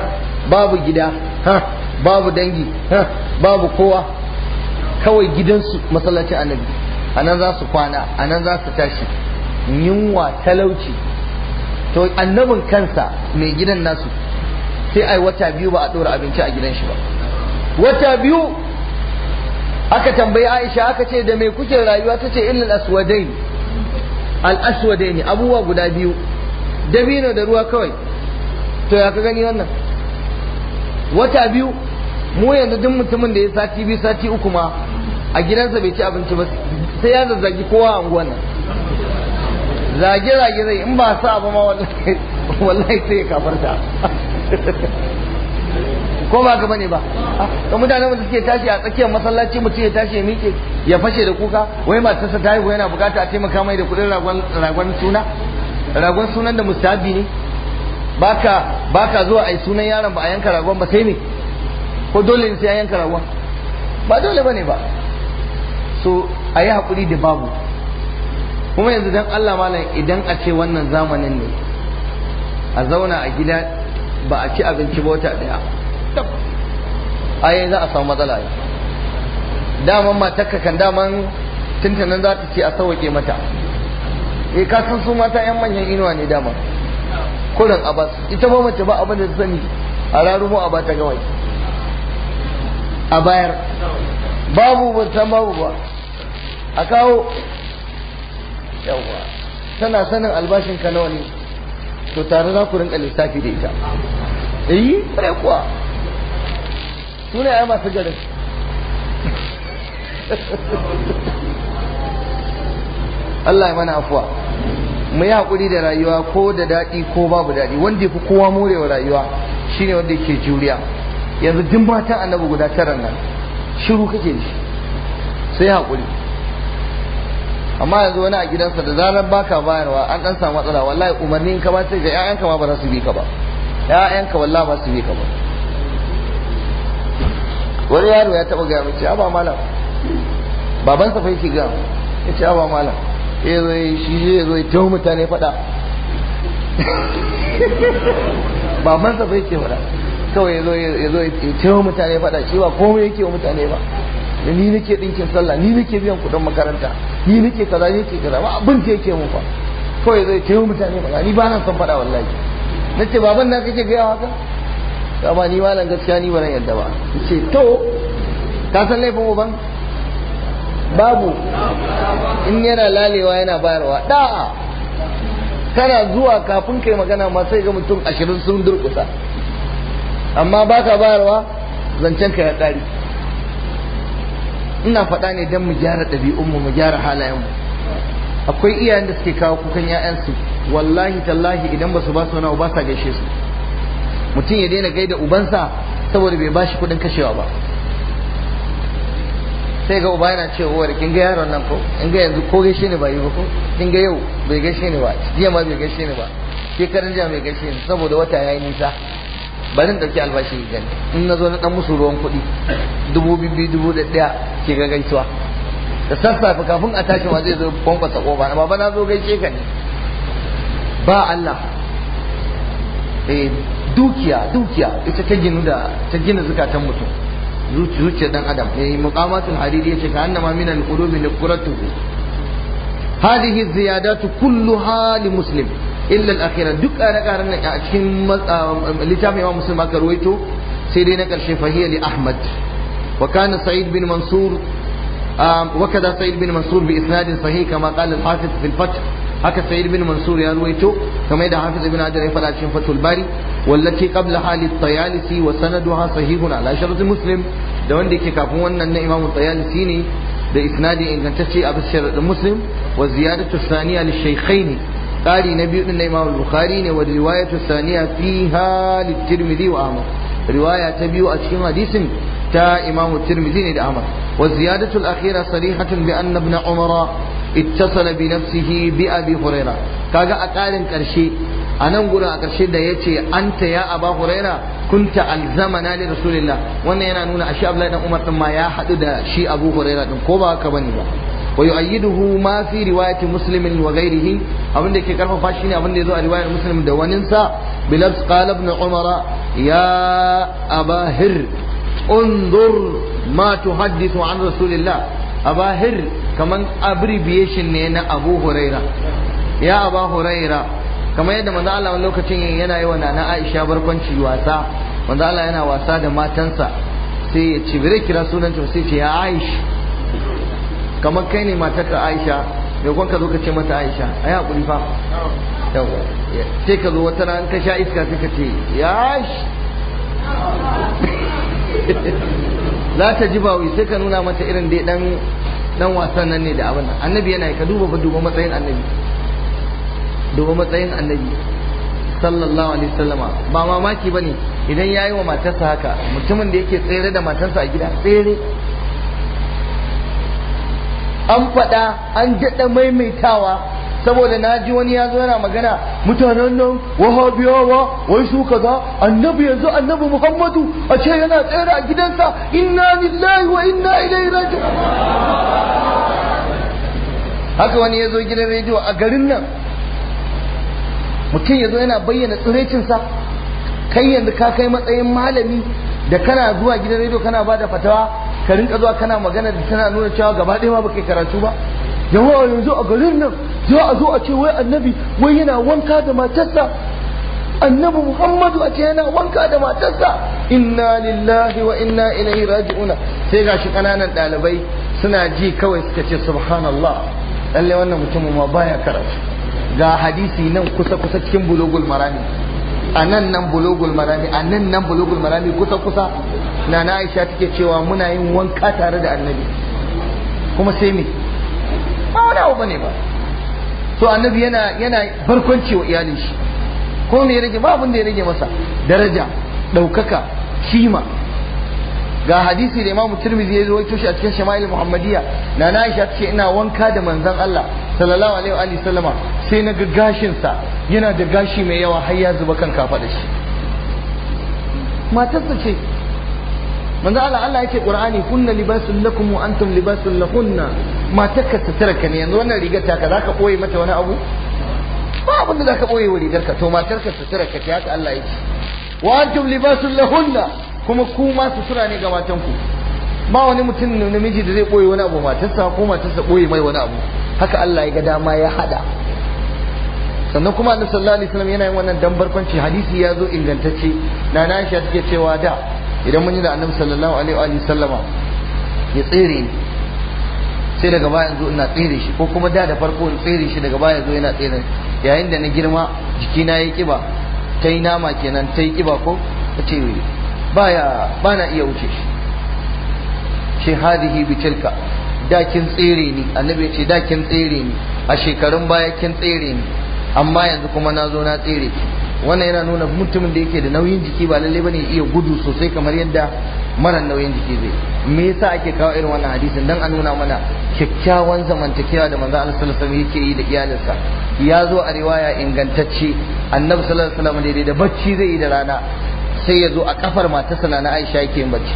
babu gida ha babu dangi ha babu kowa kawai gidansu masallacin annabi anan za su kwana anan za su tashi yunwa talauci to annabin kansa mai gidan nasu sai ai wata biyu ba a ɗora abinci a gidan shi ba wata biyu aka tambayi aisha aka ce da mai kuke rayuwa ta ce illal aswadain al aswadain abubuwa guda biyu dabino da ruwa kawai to ya ka gani wannan wata biyu mu yanzu duk mutumin da ya sati biyu sati uku ma a gidansa bai ci abinci ba sai ya zazzagi kowa a unguwan nan zage zage zai in ba sa abu ma wallahi sai ya kafarta ko ba ka bane ba to mutanen da suke tashi a tsakiyar masallaci mutum ya tashi ya miƙe ya fashe da kuka wai matarsa ta haihu yana bukata a taimaka mai da kuɗin ragon suna ragon sunan da musabi ne baka baka zuwa ai sunan yaron ba a yanka ragon ba sai me ko dole ne sai a yanka ragon ba dole bane ba so ayi hakuri da babu kuma yanzu dan Allah malam idan a ce wannan zamanin ne a zauna a gida ba a ci abinci ba wata daya ai za a samu matsala ne daman matarka kan daman tuntunan za ta ce a sauke mata E, ka san su mata yan manyan inuwa ne dama kurin abas ita ba mace ba abin da ta sani a rarumo a bata gawai a bayar babu ba ta babu ba a kawo yawa tana sanin albashin ka nawa ne to tare za ku rinka lissafi da ita eh sai kuwa su ai masu gari Allah ya mana afuwa mu yi hakuri da rayuwa ko da daɗi ko babu daɗi wanda fi kowa morewa rayuwa shine wanda yake juriya yanzu duk matan annabi guda tara nan shiru kake da shi sai hakuri. amma yanzu wani a gidansa da zarar baka bayarwa an dan samu matsala wallahi umarnin ka ba sai ga ƴaƴanka ma ba za su bi ka ba ƴaƴanka wallahi ba su bi ka ba wani yaro ya taba gaya mace aba malam baban sa fa yake ga yace aba malam eh zai shi zai zo ya tawo mutane fada baban sa fa yake fada kawai ya zo ya zo ya tawo mutane fada shi ba komai yake wa mutane ba da ni nake dinkin sallah ni nake biyan kudin makaranta ni nake kaza ni nake kaza ba abin da yake mu fa kawai zai tayi mutane ba ni ba na son faɗa wallahi nace baban na kake ga haka amma ni malam gaskiya ni ba yadda ba ce to ka san laifin uban babu in yana lalewa yana bayarwa da'a kana zuwa kafin kai magana ma sai ga mutum ashirin sun durkusa amma baka bayarwa zancen ka ya ƙari ina faɗa ne don mu gyara ɗabi'unmu mu gyara halayenmu akwai iyayen da suke kawo kukan 'ya'yansu wallahi tallahi idan ba su ba su wani ba sa gaishe su mutum ya daina gaida ubansa saboda bai bashi kuɗin kashewa ba sai ga uba yana cewa uwar kin ga yaron nan ko in ga yanzu ko gaishe ne ba yi ba ko kin ga yau bai gaishe ni ba jiya ma bai gaishe ni ba shekaran jiya bai gaishe ni saboda wata yayi nisa zan dauki albashi gani in na zo na dan musu ruwan kuɗi dubu biyu dubu da ɗaya ke ga gaisuwa da sassafe kafin a tashi ma zai zo kwankwasa ƙofa. na baba na zo gaishe ka ne ba Allah eh dukiya dukiya ita ta ginu da ta gina zukatan mutum zuciyar dan adam eh muqamatul hariri yace ka annama min al-qulubi quratu hadhihi ziyadatu kulluha li muslim illa al-akhira duk a ƙaren nan a cikin littafin Imam Muslim aka ruwaito sai dai na karshe fahiya li Ahmad wa kana Sa'id bin Mansur وكذا سعيد بن منصور بإسناد صحيح كما قال الحافظ في الفتح هكا سعيد بن منصور يرويته كما يدعى حافظ ابن عجل يفعل عشان فتح الباري والتي قبلها للطيالسي وسندها صحيح على شرط مسلم da wanda yake kafin wannan na imamu tsayalisi ne da isnadi ingantacce a bisa sharaɗin muslim wa ziyadatu saniya li shaykhaini قال نبي ان امام البخاري والروايه الثانيه فيها للترمذي واحمد روايه تبيو اشكي حديث تا امام الترمذي لاحمد والزياده الاخيره صريحه بان ابن عمر اتصل بنفسه بابي هريره كاجا اقالن قرشي a nan gurin a ƙarshe da ya ce an ta ya aba huraira kunta alzamana li rasulillah wannan yana nuna ashe abdullahi dan umar din ma ya haɗu da shi abu huraira din ko ba haka bane ba wa yu'ayyiduhu ma fi riwayati muslim wa ghayrihi abinda yake karfafa shine abinda yazo a riwayar muslim da wanin sa bilabs qala ibn umara ya abahir انظر ما تحدث عن رسول abahir kaman abbreviation ne na abu huraira ya aba huraira kamar yadda manzo Allah lokacin yana yi wa nana Aisha barkwanci wasa manzo Allah yana wasa da matansa sai ya cibire kira sunan ta sai ya Aisha kamar kai ne matarka Aisha me kwan ka zo ka ce mata Aisha ai haƙuri fa sai ka zo wata ran ka sha iska sai ka ce yash za ta ji bawi sai ka nuna mata irin dai dan dan wasan nan ne da abin nan annabi yana ka duba ba duba matsayin annabi duba matsayin annabi sallallahu alaihi wasallama ba mamaki bane idan yayi wa matarsa haka mutumin da yake tsere da matarsa a gida tsere an faɗa an daɗa maimaitawa saboda na ji wani ya zo yana magana mutanen nan wahabiyawa wai su kaza annabi yanzu annabi muhammadu a ce yana tsere a gidansa inna lillahi wa inna ilaihi raji'un haka wani ya zo gidan rediyo a garin nan mutum ya zo yana bayyana tsirecinsa kai yanzu ka kai matsayin malami da kana zuwa gidan rediyo kana ba da fatawa ka rinka zuwa kana magana da tana nuna cewa gaba ɗaya ma baka karatu ba yawa yanzu a garin nan za a zo a ce wai annabi wai yana wanka da matarsa annabi muhammadu a ce yana wanka da matarsa inna lillahi wa inna ilaihi raji'una sai ga shi kananan ɗalibai suna ji kawai suka ce subhanallah lallai wannan mutumin ma baya karatu ga hadisi nan kusa kusa cikin bulogul marami a nan nan bulogul marami a nan nan bulogul marami kusa kusa na na aisha take cewa muna yin wanka tare da annabi kuma sai me ba wani abu bane ba to annabi yana yana barkwanci wa iyalin shi ko me ya rage ba abin da ya rage masa daraja ɗaukaka kima ga hadisi da imamu tirmidhi ya rawaito shi a cikin shama'il Muhammadiya na na aisha ce ina wanka da manzon Allah sallallahu alaihi wa sallama sai na ga gashin sa yana da gashi mai yawa har ya zuba kan kafa da shi matarsa ce manzo Allah Allah yake Qur'ani kunna libasul lakum wa antum libasul lahunna taka suturarka ne yanzu wannan rigar ka zaka koyi mata wani abu ba abin da zaka koyi wa ka? to matarka suturarka ta haka Allah yake wa antum libasul lahunna kuma ku ma sutura ne ga ku. ba wani mutum namiji da zai koyi wani abu matarsa ko matarsa koyi mai wani abu haka Allah ya ga dama ya hada sannan kuma annabi sallallahu alaihi wasallam yana yin wannan dan hadisi ya zo ingantacce na Aisha take cewa da idan mun yi da annabi sallallahu alaihi wa sallama ya tsere ni sai daga baya yanzu ina tsere shi ko kuma da da farko in tsere shi daga baya yanzu yana tsere yayin da na girma jikina yi kiba ta yi nama kenan ta yi kiba ko ta ce baya bana iya wuce shi shi hadihi bitilka da kin tsere ni annabi ce da kin tsere ni a shekarun baya kin tsere ni amma yanzu kuma na zo na tsere ki wannan yana nuna mutumin da yake da nauyin jiki ba lalle bane iya gudu sosai kamar yadda mara nauyin jiki zai me yasa ake kawo irin wannan hadisin dan a nuna mana kyakkyawan zamantakewa da manzo Allah sallallahu alaihi yake yi da iyalinsa ya zo a riwaya ingantacce annabi sallallahu alaihi wasallam daidai da bacci zai yi da rana sai ya zo a kafar matarsa na Aisha yake yin bacci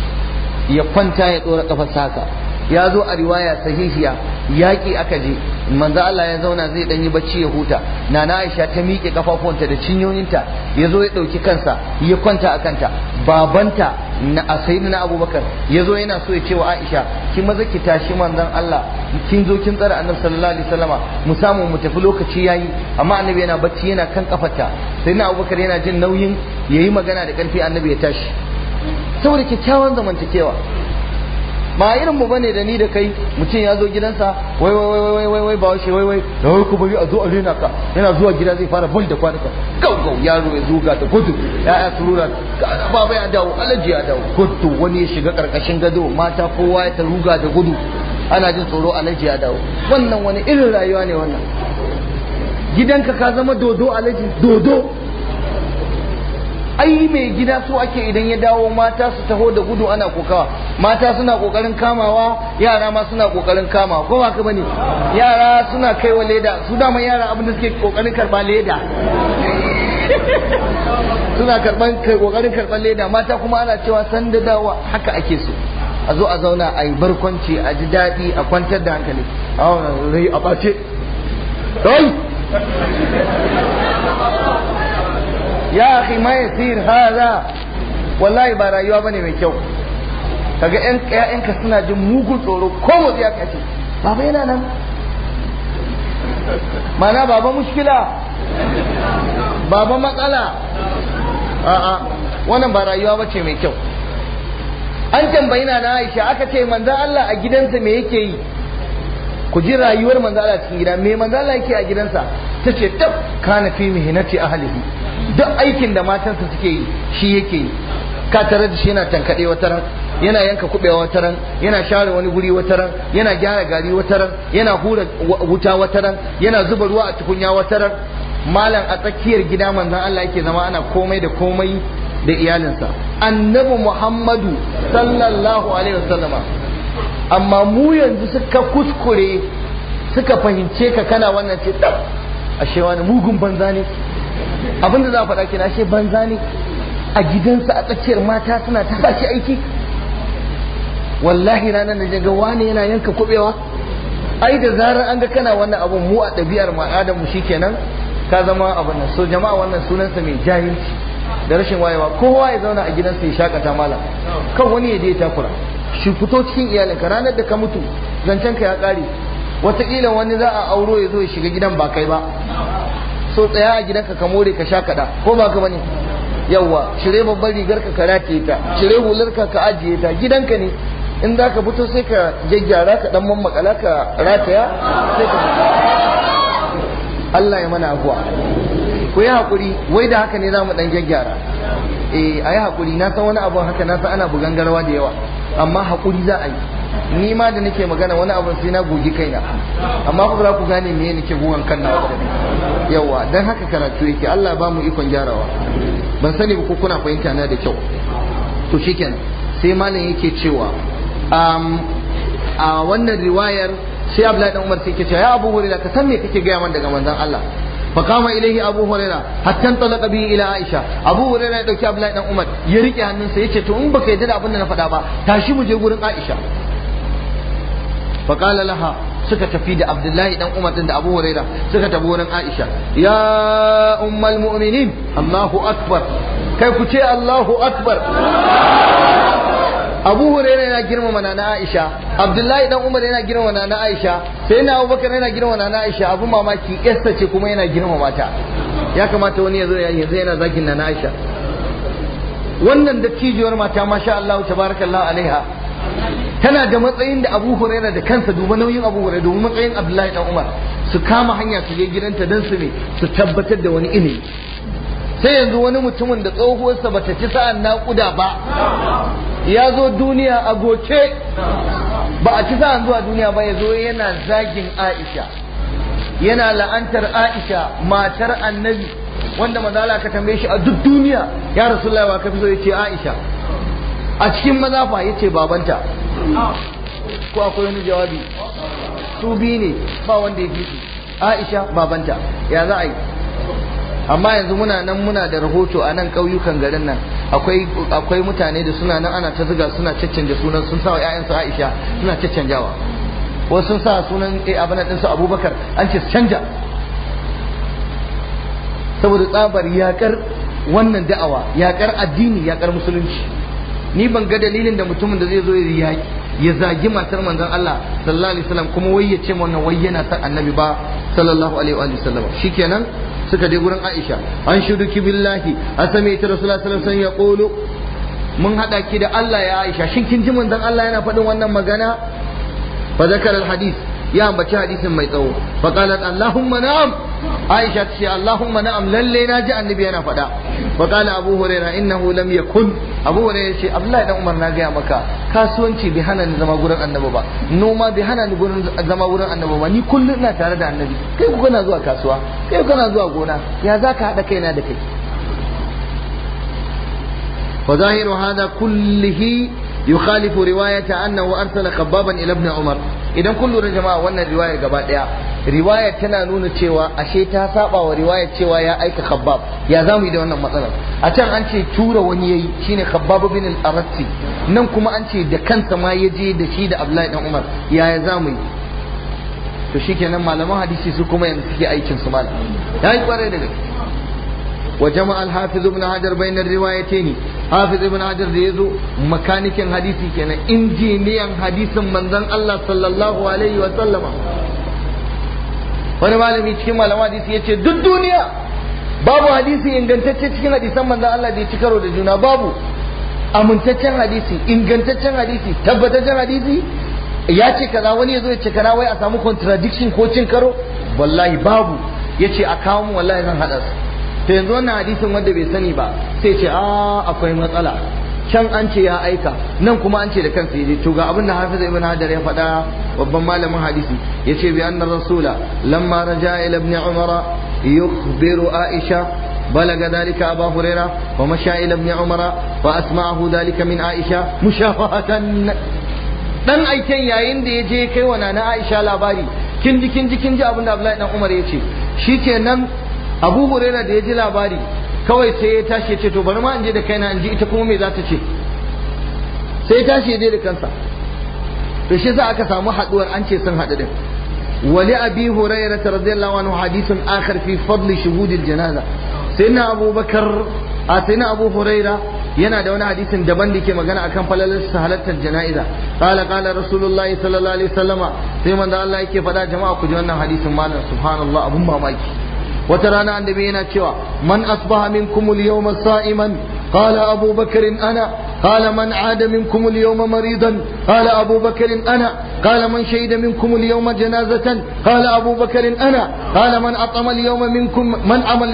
ya kwanta ya dora kafar haka ya zo a riwaya sahihiya yaƙi aka je manzo Allah ya zauna zai dan yi bacci ya huta nana Aisha ta miƙe kafafuwanta da cinyoyinta ya zo ya ɗauki kansa ya kwanta a kanta babanta na asaidu na abubakar ya zo yana so ya ce wa Aisha ki maza ki tashi manzon Allah kin zo kin tsara annabi sallallahu alaihi wasallama mu samu mu tafi lokaci yayi amma annabi yana bacci yana kan kafarta sai na abubakar yana jin nauyin yayi magana da karfi annabi ya tashi saboda kyakkyawan zamantakewa ba irin mu bane da ni da kai mutum ya zo gidansa wai wai wai wai wai wai ba shi wai wai da wai kuma bari a zo a rena ka yana zuwa gida zai fara bai da kwanuka gau gau yaro ya zuga ta gudu ya'ya surura baba ya dawo alaji ya dawo gudu wani ya shiga karkashin gado mata kowa ya ta ruga da gudu ana jin tsoro alaji ya dawo wannan wani irin rayuwa ne wannan gidanka ka zama dodo alaji dodo ai mai gida so ake idan ya dawo mata su taho da gudu ana kokawa mata suna kokarin kamawa yara ma suna kokarin kamawa ko ba ka bane yara suna kaiwa leda su dama yara abin da suke kokarin karba leda suna karban kokarin karban leda mata kuma ana cewa san da dawa haka ake so a zo a zauna a yi barkwanci a ji daɗi a kwantar da hankali a rai a ɓace ya ake mai sir haza. wallahi ba rayuwa bane mai kyau kaga yan ƴaƴanka suna jin mugun tsoro ko motsi ya kace baba yana nan mana baba mushkila baba matsala a wannan ba rayuwa bace mai kyau an tambayi na na Aisha aka ce manzo Allah a gidansa me yake yi ku ji rayuwar manzo Allah cikin gida me manzo Allah yake a gidansa tace tab kana fi mihnati ahlihi duk aikin da matansa suke yi shi yake yi ka tare da shi yana tankaɗe wata ran yana yanka kuɓewa wata ran yana share wani guri wata ran yana gyara gari wata ran yana hura wuta wata ran yana zuba ruwa a tukunya wata ran malam a tsakiyar gida manzon Allah yake zama ana komai da komai da iyalinsa annabi Muhammadu sallallahu alaihi wasallama amma mu yanzu suka kuskure suka fahimce ka kana wannan ce ashe wani mugun banza ne abin da za a faɗa kina ashe banza ne a gidansa a tsakiyar mata suna ta sa aiki wallahi ranar da jaga wani yana yanka kuɓewa. ai da zarar an ga kana wannan abun mu a ɗabi'ar mu adamu shikenan ka zama abin nan so jama'a wannan sunansa mai jahilci da rashin wayewa kowa ya zauna a gidansa ya shakata malam kan wani ya je takura shi fito cikin iyalinka ranar da ka mutu zancen ka ya ƙare wataƙila wani za a auro ya zo ya shiga gidan ba kai ba so tsaya a gidanka ka more ka sha kada ko ba ka bane yawa cire babban rigar ka rataye ta cire hular ka ka ajiye ta gidanka ne in za ka fito sai ka gyaggyara ka dan mammakala ka rataya sai ka Allah ya mana afuwa ku yi hakuri wai da haka ne za mu dan gyaggyara eh ayi hakuri na san wani abu haka na san ana bugangarwa da yawa amma hakuri za a yi ni ma da nake magana wani abu sai na gogi kaina amma ku za ku gane me nake gogan kan na wata yawa dan haka karatu yake Allah ba mu ikon gyarawa ban sani ba ko kuna fahimta na da kyau to shiken sai malam yake cewa a wannan riwayar sai Abdullahi dan Umar sai yake cewa ya Abu Hurairah ka san me kake gaya man daga manzon Allah فقام إليه أبو هريرة حتى انطلق به إلى عائشة أبو هريرة ya عبد الله بن عمر يريك أن ننسى يتشتو na يدد ba نفدا با تاشي مجيبور Aisha. faqala laha suka tafi da abdullahi dan umar din da abu huraira suka tafi wurin aisha ya ummal mu'minin allahu akbar kai ku ce allahu akbar abu huraira yana girmama na aisha abdullahi dan umar yana girmama na aisha sai na abubakar yana girmama na aisha abu mamaki yasta ce kuma yana girmama ta ya kamata wani ya zo yanzu yana zagin na aisha wannan dattijowar mata masha Allah tabarakallahu alaiha tana da matsayin da Abu Huraira da kansa duba nauyin Abu Huraira domin matsayin Abdullahi dan Umar su kama hanya su je gidanta dan su ne su tabbatar da wani ilimi sai yanzu wani mutumin da tsohuwarsa bata ci sa'an naƙuda ba ya zo duniya a goce ba a ci sa'an zuwa duniya ba ya zo yana zagin Aisha yana la'antar Aisha matar Annabi wanda manzo Allah ka tambaye shi a duk duniya ya Rasulullahi wa ka fi so ya ce Aisha a cikin maza ya ce babanta ko akwai wani jawabi su bi ne ba wanda ya fi Aisha babanta ya za a yi amma yanzu muna nan muna da rahoto a nan ƙauyukan garin nan akwai mutane da suna nan ana ta zuga suna caccanja sunan sun sa wa su Aisha suna caccanjawa wasu sun sa sunan eh, abin su Abubakar an ce canja saboda tsabar yakar wannan da'awa yakar addini yakar musulunci ni ban ga dalilin da mutumin da zai zo ya ya zagi matar manzon Allah sallallahu alaihi wasallam kuma wai ya ce wannan wai yana san annabi ba sallallahu alaihi wa sallam shikenan suka je gurin Aisha an shuduki billahi asami'tu rasulullahi sallallahu alaihi wasallam yaqulu mun hada ki da Allah ya Aisha shin kin ji manzon Allah yana faɗin wannan magana fa zakara al hadith ya ambaci hadisin mai tsawo fa qalat allahumma na'am aisha ta ce allahumma na'am lalle na ji annabi yana faɗa fa qala abu hurairah innahu lam yakun abu hurairah ce abdullahi dan umar na gaya maka kasuwanci bai hana ni zama gurin annabi ba noma bai hana ni gurin zama gurin annabi ba ni kullum ina tare da annabi kai ku kana zuwa kasuwa kai ku kana zuwa gona ya zaka haɗa kaina da kai وظاهر هذا كله يخالف رواية أنه أرسل خبابا إلى ابن عمر idan kun lura jama'a wannan riwayar gaba daya riwaya tana nuna cewa ashe ta saba wa riwayar cewa ya aika khabbab ya zamu yi da wannan matsalar a can an ce tura wani yayi shine khabbab bin al arati nan kuma an ce da kansa ma ya je da shi da abdullahi dan umar yaya zamu yi to shikenan malaman hadisi su kuma yanzu suke aikin su malam yayi kware da gaske وجمع الحافظ ابن حجر بين الروايتين حافظ ابن حجر ibn hajar da كان makanikin hadisi من injiniyan الله صلى Allah sallallahu alaihi wa sallama wani malami cikin malama hadisi yace duk duniya babu hadisi ingantacce cikin hadisan manzan Allah da ya ci karo da juna babu amintaccen hadisi ingantaccen hadisi tabbataccen hadisi ya ce kaza wani ya zo ya ce kaza wai a samu contradiction ko cin karo wallahi babu ya ce a kawo mu wallahi zan haɗa su to yanzu wannan hadisin wanda bai sani ba sai ce a ah, akwai matsala can an ce ya aika nan kuma an ce da kansa yaje to abinda abin da Hafiz ibn Hajar ya faɗa babban malamin hadisi yace bi anna rasula lamma raja ila ibn Umar yukhbiru Aisha dalika بلغ ذلك أبا هريرة ومشى إلى ابن عمر فأسمعه ذلك من عائشة مشافهة dan aiken yayin da ya je kai wa na Aisha labari kin ji kin ji kin abu abin dan Umar ya ce shi nan. abu huraira da ya ji labari kawai sai ya tashi ya ce to bari ma in je da kaina in ji ita kuma me za ta ce sai ya tashi ya je da kansa to shi za aka samu haduwar an ce sun haɗu din wali abi huraira radiyallahu anhu hadithun akhar fi fadli shuhudil janaza sayyidina abubakar a sayyidina abu huraira yana da wani hadisin daban da ke magana akan falalar halartar jana'iza qala qala rasulullahi sallallahu alaihi wasallama sai manzo Allah yake faɗa jama'a ku ji wannan hadisin malam subhanallah abun mamaki wata rana annabi yana cewa man asbaha minkum al-yawma sa'iman qala abu bakr ana qala man ada minkum al-yawma maridan qala abu bakr ana qala man shahida minkum al-yawma janazatan qala abu bakr ana qala man at'ama al-yawma minkum man amal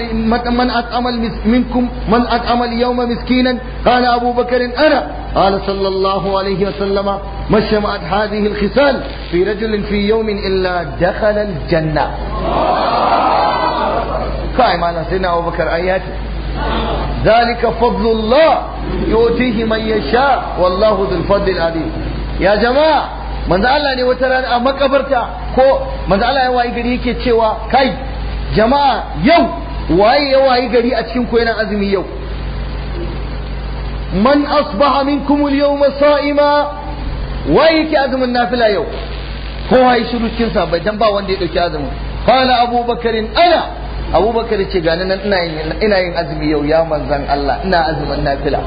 man at'ama minkum man at'ama al-yawma miskinan qala abu bakr ana قال صلى الله عليه وسلم ما اجتمعت هذه الخصال في رجل في يوم إلا دخل الجنة kai malam sai na abubakar ai ya zalika fadlullah yutihi man yasha wallahu dhul alim ya jama'a manzo Allah ne wata rana a makabarta ko manzo Allah ya wayi gari yake cewa kai jama'a yau waye ya wayi gari a cikin ku yana azumi yau man asbaha minkum al-yawma sa'ima waye yake azumin nafila yau Ko ya shiru cikin sabai dan ba wanda ya dauki azumin qala abubakarin ana abubakar ce gani nan ina yin azumi yau ya manzan Allah ina azumin nafila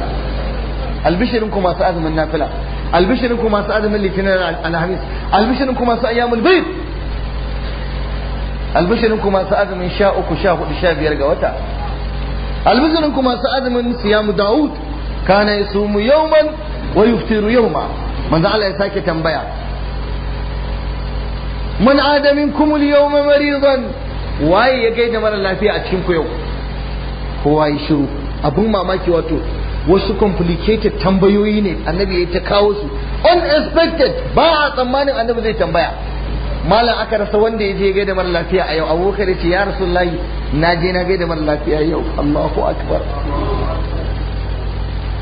albishirin ku masu azumin nafila albishirin ku masu azumin litinin alhamis albishirin ku masu ayyamul bayt albishirin ku masu azumin sha uku sha hudu sha biyar ga wata albishirin ku masu azumin siyamu daud kana yasumu yawman wa yuftiru yawma manzo Allah ya sake tambaya man adamin kumul yawma maridan waye ya gaida mara lafiya a cikin ku yau kowa ya shiru abin mamaki wato wasu complicated tambayoyi ne annabi ya ta kawo su unexpected ba a tsammanin annabi zai tambaya malam aka rasa wanda ya je gaida mara lafiya a yau abubakar ce ya rasulullahi na je na gaida mara lafiya yau allahu akbar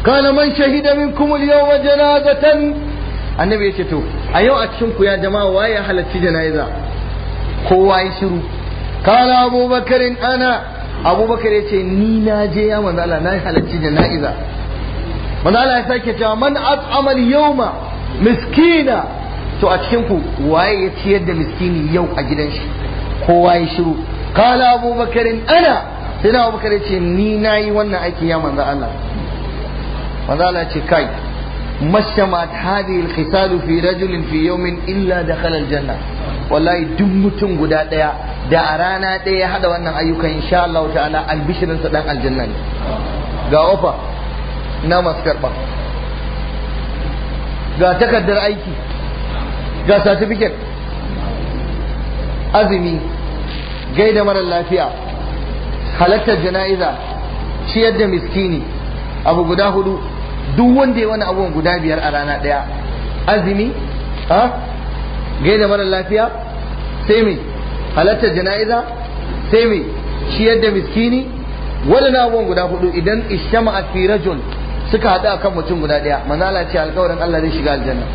kana man shahida minkum al-yawma janazatan annabi ya ce to a yau a cikin ku ya jama'a waye halarci jana'iza kowa ya shiru kala abu bakarin ana abu bakar ya ce ni na je ya manzo Allah na halarci jana'iza manzo Allah ya sake cewa man at'ama al-yawma miskina to a cikinku waye ya ciyar da miskini yau a gidan shi kowa ya shiru kala abu bakarin ana sai na abu ya ce ni na yi wannan aiki ya manzo Allah manzo ce kai mashamat hadhihi al-khisalu fi rajulin fi yawmin illa da al-jannah wallahi duk mutum guda ɗaya da a rana ɗaya ya haɗa wannan ayyukan insha Allah ta'ala albishirinsa ɗan aljanna ne ga ofa na masu ga takardar aiki ga satifiket azumi gaida mara lafiya halartar jana'iza ciyar da miskini abu guda hudu duk wanda ya wani abubuwan guda biyar a rana ɗaya azumi ha gaida mara lafiya sai me halartar jana'iza sai me ciyar da miskini waɗannan abubuwan guda hudu idan ishtama fi rajul suka haɗu a kan mutum guda ɗaya manzala ce alƙawarin Allah zai shiga aljanna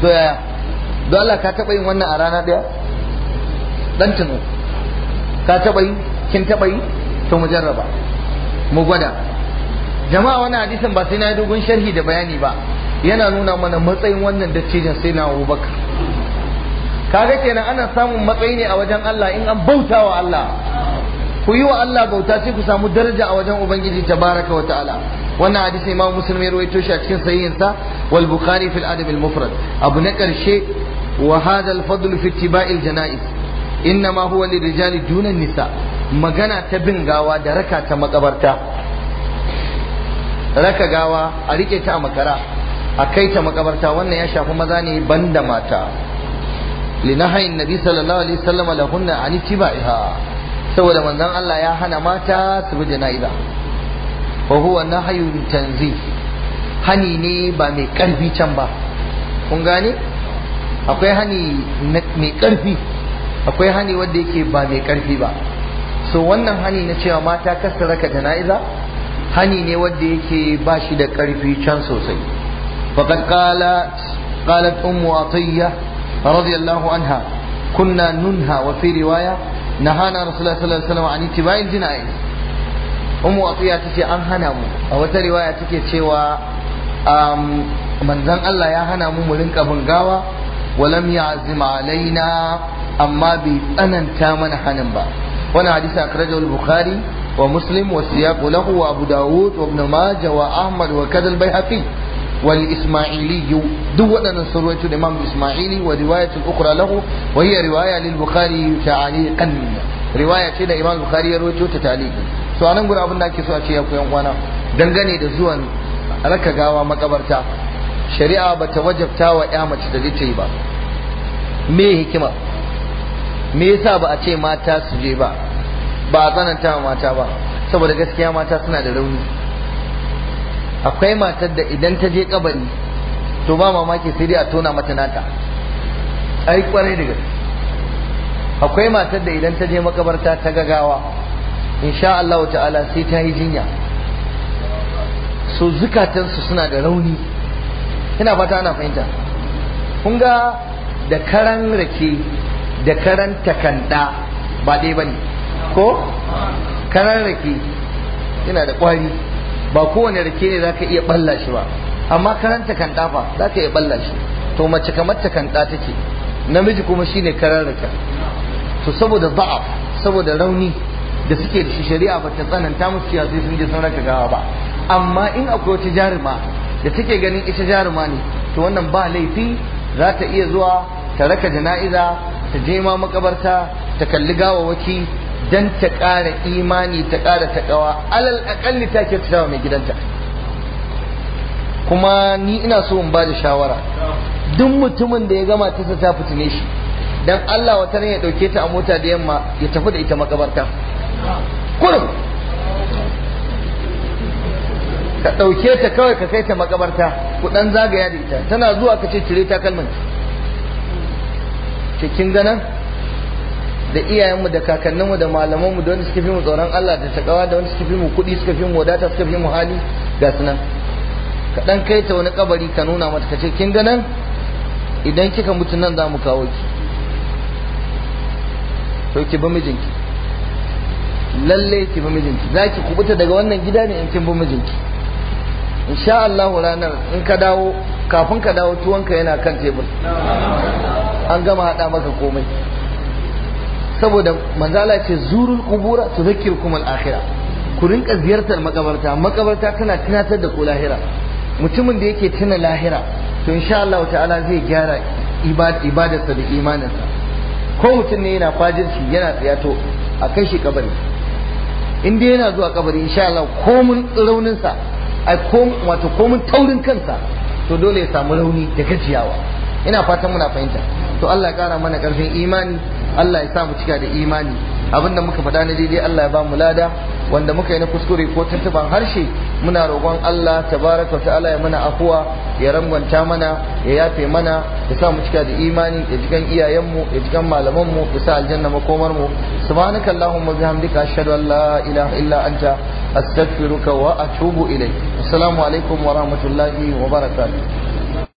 to yaya don Allah ka taɓa yin wannan a rana ɗaya ɗan tuno ka taɓa yi kin taɓa yi to mu jarraba mu gwada jama'a wannan hadisin ba sai na yi dogon sharhi da bayani ba yana nuna mana matsayin wannan dattijan sai na abubakar kaga kenan ana samun matsayi ne a wajen Allah in an bauta wa Allah ku yi wa Allah bauta sai ku samu daraja a wajen ubangiji baraka wa ta'ala wannan hadisi imam muslim ya rawaito shi a cikin sa wal bukhari fil adab al mufrad abu na karshe wa hadha al fadl fi ittiba' al janaiz innama huwa lirijali duna nisa magana ta bin gawa da raka ta makabarta raka gawa a rike ta a makara a kai ta makabarta wannan ya shafi maza ne banda mata linahayin nabi sallallahu alaihi wasallam lahunna an tibaiha saboda manzon Allah ya hana mata su bi jana'iza wa huwa nahyun tanzi, hani ne ba mai karfi can ba kun gane akwai hani mai karfi akwai hani wanda yake ba mai karfi ba so wannan hani na cewa mata kasa raka jana'iza hani ne wanda yake ba shi da karfi can sosai فقد قالت قالت أم عطية رضي الله عنها كنا ننهى وفي رواية نهانا رسول الله صلى الله عليه وسلم عن اتباع الجنائز أم عطية تشي أن هنم أو رواية تكي تشيوا من ذن الله يا هنم ملنك بنقاوة ولم يعزم علينا أما بأن تامن حنبا وانا حديث أخرجه البخاري ومسلم والسياق له وأبو داود وابن ماجه وأحمد وكذا البيهقي wal ismaili yu duk waɗannan sun ruwaito da imamu ismaili wa riwayatul ukra lahu wa hiya riwaya lil bukhari ta'aliqan riwaya ce da imamu bukhari ya ruwaito ta ta'aliqi so anan gura abinda ake so a ce ya koyan kwana dangane da zuwan raka gawa makabarta shari'a bata ta wajabta wa ɗa mace da zai ba me hikima me yasa ba a ce mata su je ba ba zanan ta mata ba saboda gaskiya mata suna da rauni akwai matar da idan ta je kabari to ba mamaki sai dai a tona mata nata ai kwarai da gaske akwai matar da idan ta je makabarta ta gagawa insha Allah ta'ala sai ta yi jinya so su suna da rauni ina fata ana fahimta kun ga da karan rake da karan takanda ba ɗaya bane. ko karan rake yana da kwari ba kowane rake ne zaka iya balla shi ba amma karanta kan dafa zaka iya balla shi to mace kamar ta kan take namiji kuma shine karan rake to saboda za'a, saboda rauni da suke da shari'a ba ta tsananta musu ya zai sun je sun raka gawa ba amma in akwai wata jaruma da take ganin ita jaruma ne to wannan ba laifi za ta iya zuwa ta raka jana'iza ta je ma makabarta ta kalli gawawaki dan ta ƙara imani ta ƙara taƙawa alal aƙalli ta ke wa mai gidanta kuma ni ina so in ba da shawara duk mutumin da ya gama tasa ta fitine shi dan Allah wata ya ɗauke ta a mota da yamma ya tafi da ita makabarta kurum ka ɗauke ta kawai ka kai ta makabarta ku ɗan zagaya da ita tana zuwa ka ce cire takalmin cikin ganan da iyayenmu da kakanninmu da malamanmu da wanda suka fi mu tsoron Allah da takawa da wanda suka fi mu kuɗi suka fi mu wadata suka fi mu hali ga su nan ka dan kai ta wani kabari ka nuna mata ka ce kin ga nan idan kika mutu nan za mu kawo ki to ki ba mijinki lalle ki ba mijinki za ki kubuta daga wannan gida ne in kin ba mijinki insha Allah ranar in ka dawo kafin ka dawo ka yana kan tebur an gama haɗa maka komai saboda manzala ce zurul su tudhakkirukum al-akhirah ku rinka ziyartar makabarta makabarta tana tunatar da ku lahira mutumin da yake tuna lahira to insha Allah ta'ala zai gyara ibadarsa da imaninsa ko mutum ne yana shi yana tsayato a kai shi kabari in yana zuwa kabari insha Allah ko raunin rauninsa ai ko wato mun taurin kansa to dole ya samu rauni da gajiyawa ina fatan muna fahimta to Allah ya kara mana karfin imani Allah ya sa mu cika da imani abinda muka faɗa na daidai Allah ya ba mu lada wanda muka yi na kuskure ko tuntuban harshe muna roƙon Allah tabaraka ta'ala ya mana afuwa ya rangwanta mana ya yafe mana ya sa mu cika da imani ya jikan iyayenmu ya jikan malamanmu ya sa aljanna makomar mu subhanaka allahumma bihamdika ashhadu an la ilaha illa anta astaghfiruka wa atubu ilayk assalamu alaikum wa rahmatullahi wa barakatuh